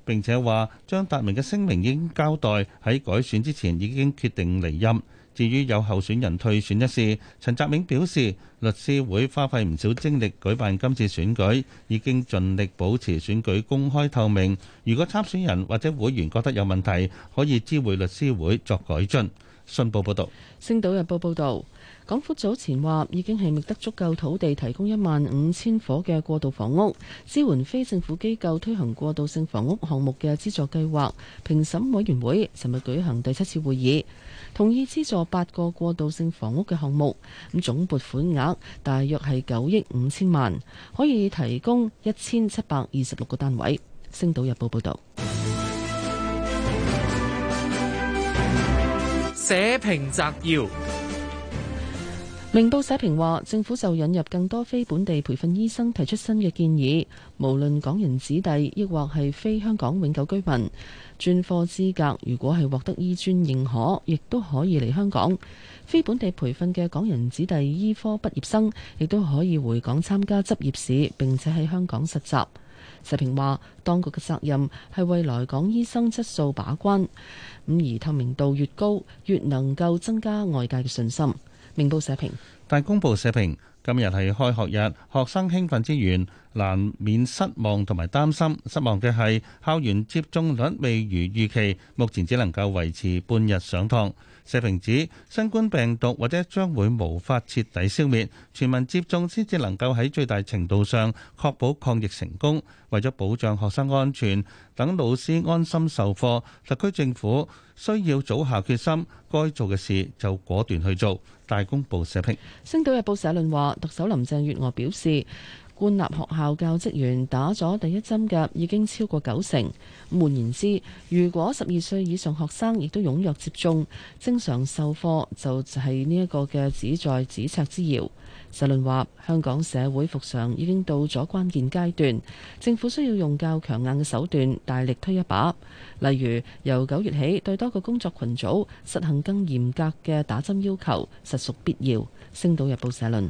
並且話，張達明嘅聲明已經交代喺改選之前已經決定離任。至於有候選人退選一事，陳澤銘表示，律師會花費唔少精力舉辦今次選舉，已經盡力保持選舉公開透明。如果參選人或者會員覺得有問題，可以知會律師會作改進。信報報導，《星島日報》報導。港府早前話已經係覓得足夠土地提供一萬五千伙嘅過渡房屋，支援非政府機構推行過渡性房屋項目嘅資助計劃。評審委員會尋日舉行第七次會議，同意資助八個過渡性房屋嘅項目，咁總撥款額大約係九億五千萬，可以提供一千七百二十六個單位。星島日報報導。社評摘要。明報社評話，政府就引入更多非本地培訓醫生提出新嘅建議，無論港人子弟，亦或係非香港永久居民，專科資格如果係獲得醫專認可，亦都可以嚟香港。非本地培訓嘅港人子弟醫科畢業生亦都可以回港參加執業試，並且喺香港實習。社評話，當局嘅責任係為來港醫生質素把關，咁而透明度越高，越能夠增加外界嘅信心。明報社評。大公報社評，今日係開學日，學生興奮之餘，難免失望同埋擔心。失望嘅係校園接種率未如預期，目前只能夠維持半日上堂。社評指新冠病毒或者將會無法徹底消滅，全民接種先至能夠喺最大程度上確保抗疫成功。為咗保障學生安全，等老師安心授課，特區政府需要早下決心，該做嘅事就果斷去做。大公報社評，《星島日報》社論話，特首林鄭月娥表示，官立學校教職員打咗第一針嘅已經超過九成。咁換言之，如果十二歲以上學生亦都踴躍接種，正常授課就係呢一個嘅只在咫尺之遙。社論話香港社會復常已經到咗關鍵階段，政府需要用較強硬嘅手段大力推一把，例如由九月起對多個工作群組實行更嚴格嘅打針要求，實屬必要。星島日報社論。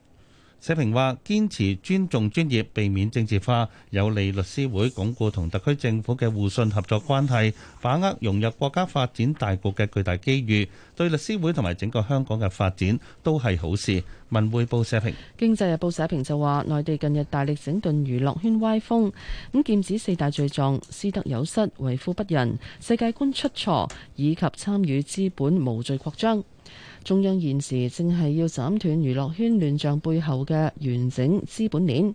社評話，堅持尊重專業，避免政治化，有利律師會鞏固同特區政府嘅互信合作關係，把握融入國家發展大局嘅巨大機遇，對律師會同埋整個香港嘅發展都係好事。文匯報社評，經濟日報社評就話，內地近日大力整頓娛樂圈歪風，咁劍指四大罪狀：私德有失、為富不仁、世界觀出錯以及參與資本無序擴張。中央現時正係要斬斷娛樂圈亂象背後嘅完整資本鏈，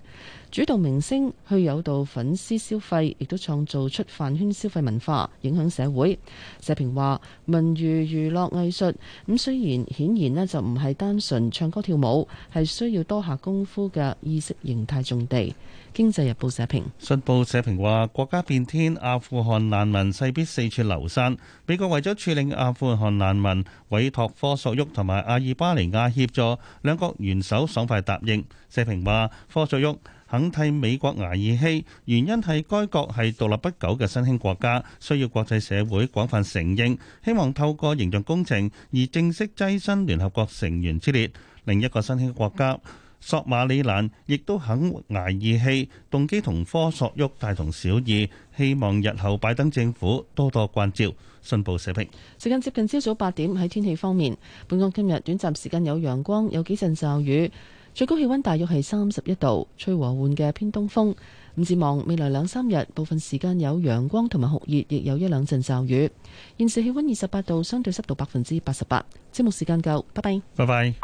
主導明星去誘導粉絲消費，亦都創造出飯圈消費文化，影響社會。社評話：文娛娛樂藝術咁雖然顯然咧就唔係單純唱歌跳舞，係需要多下功夫嘅意識形態重地。《經濟日報》社評，信報社評話：國家變天，阿富汗難民勢必四處流散。美國為咗處理阿富汗難民，委託科索沃同埋阿爾巴尼亞協助，兩國元首爽快答應。社評話：科索沃肯替美國捱義氣，原因係該國係獨立不久嘅新興國家，需要國際社會廣泛承認，希望透過形象工程而正式躋身聯合國成員之列，另一個新興國家，索馬里蘭亦都肯挨義氣，動機同科索沃大同小異，希望日後拜登政府多多關照。信報社評。時間接近朝早八點，喺天氣方面，本港今日短暫時間有陽光，有幾陣驟雨，最高氣温大約係三十一度，吹和緩嘅偏東風。唔指望未來兩三日部分時間有陽光同埋酷熱，亦有一兩陣驟雨。現時氣溫二十八度，相對濕度百分之八十八，節目時間夠，拜拜。拜拜。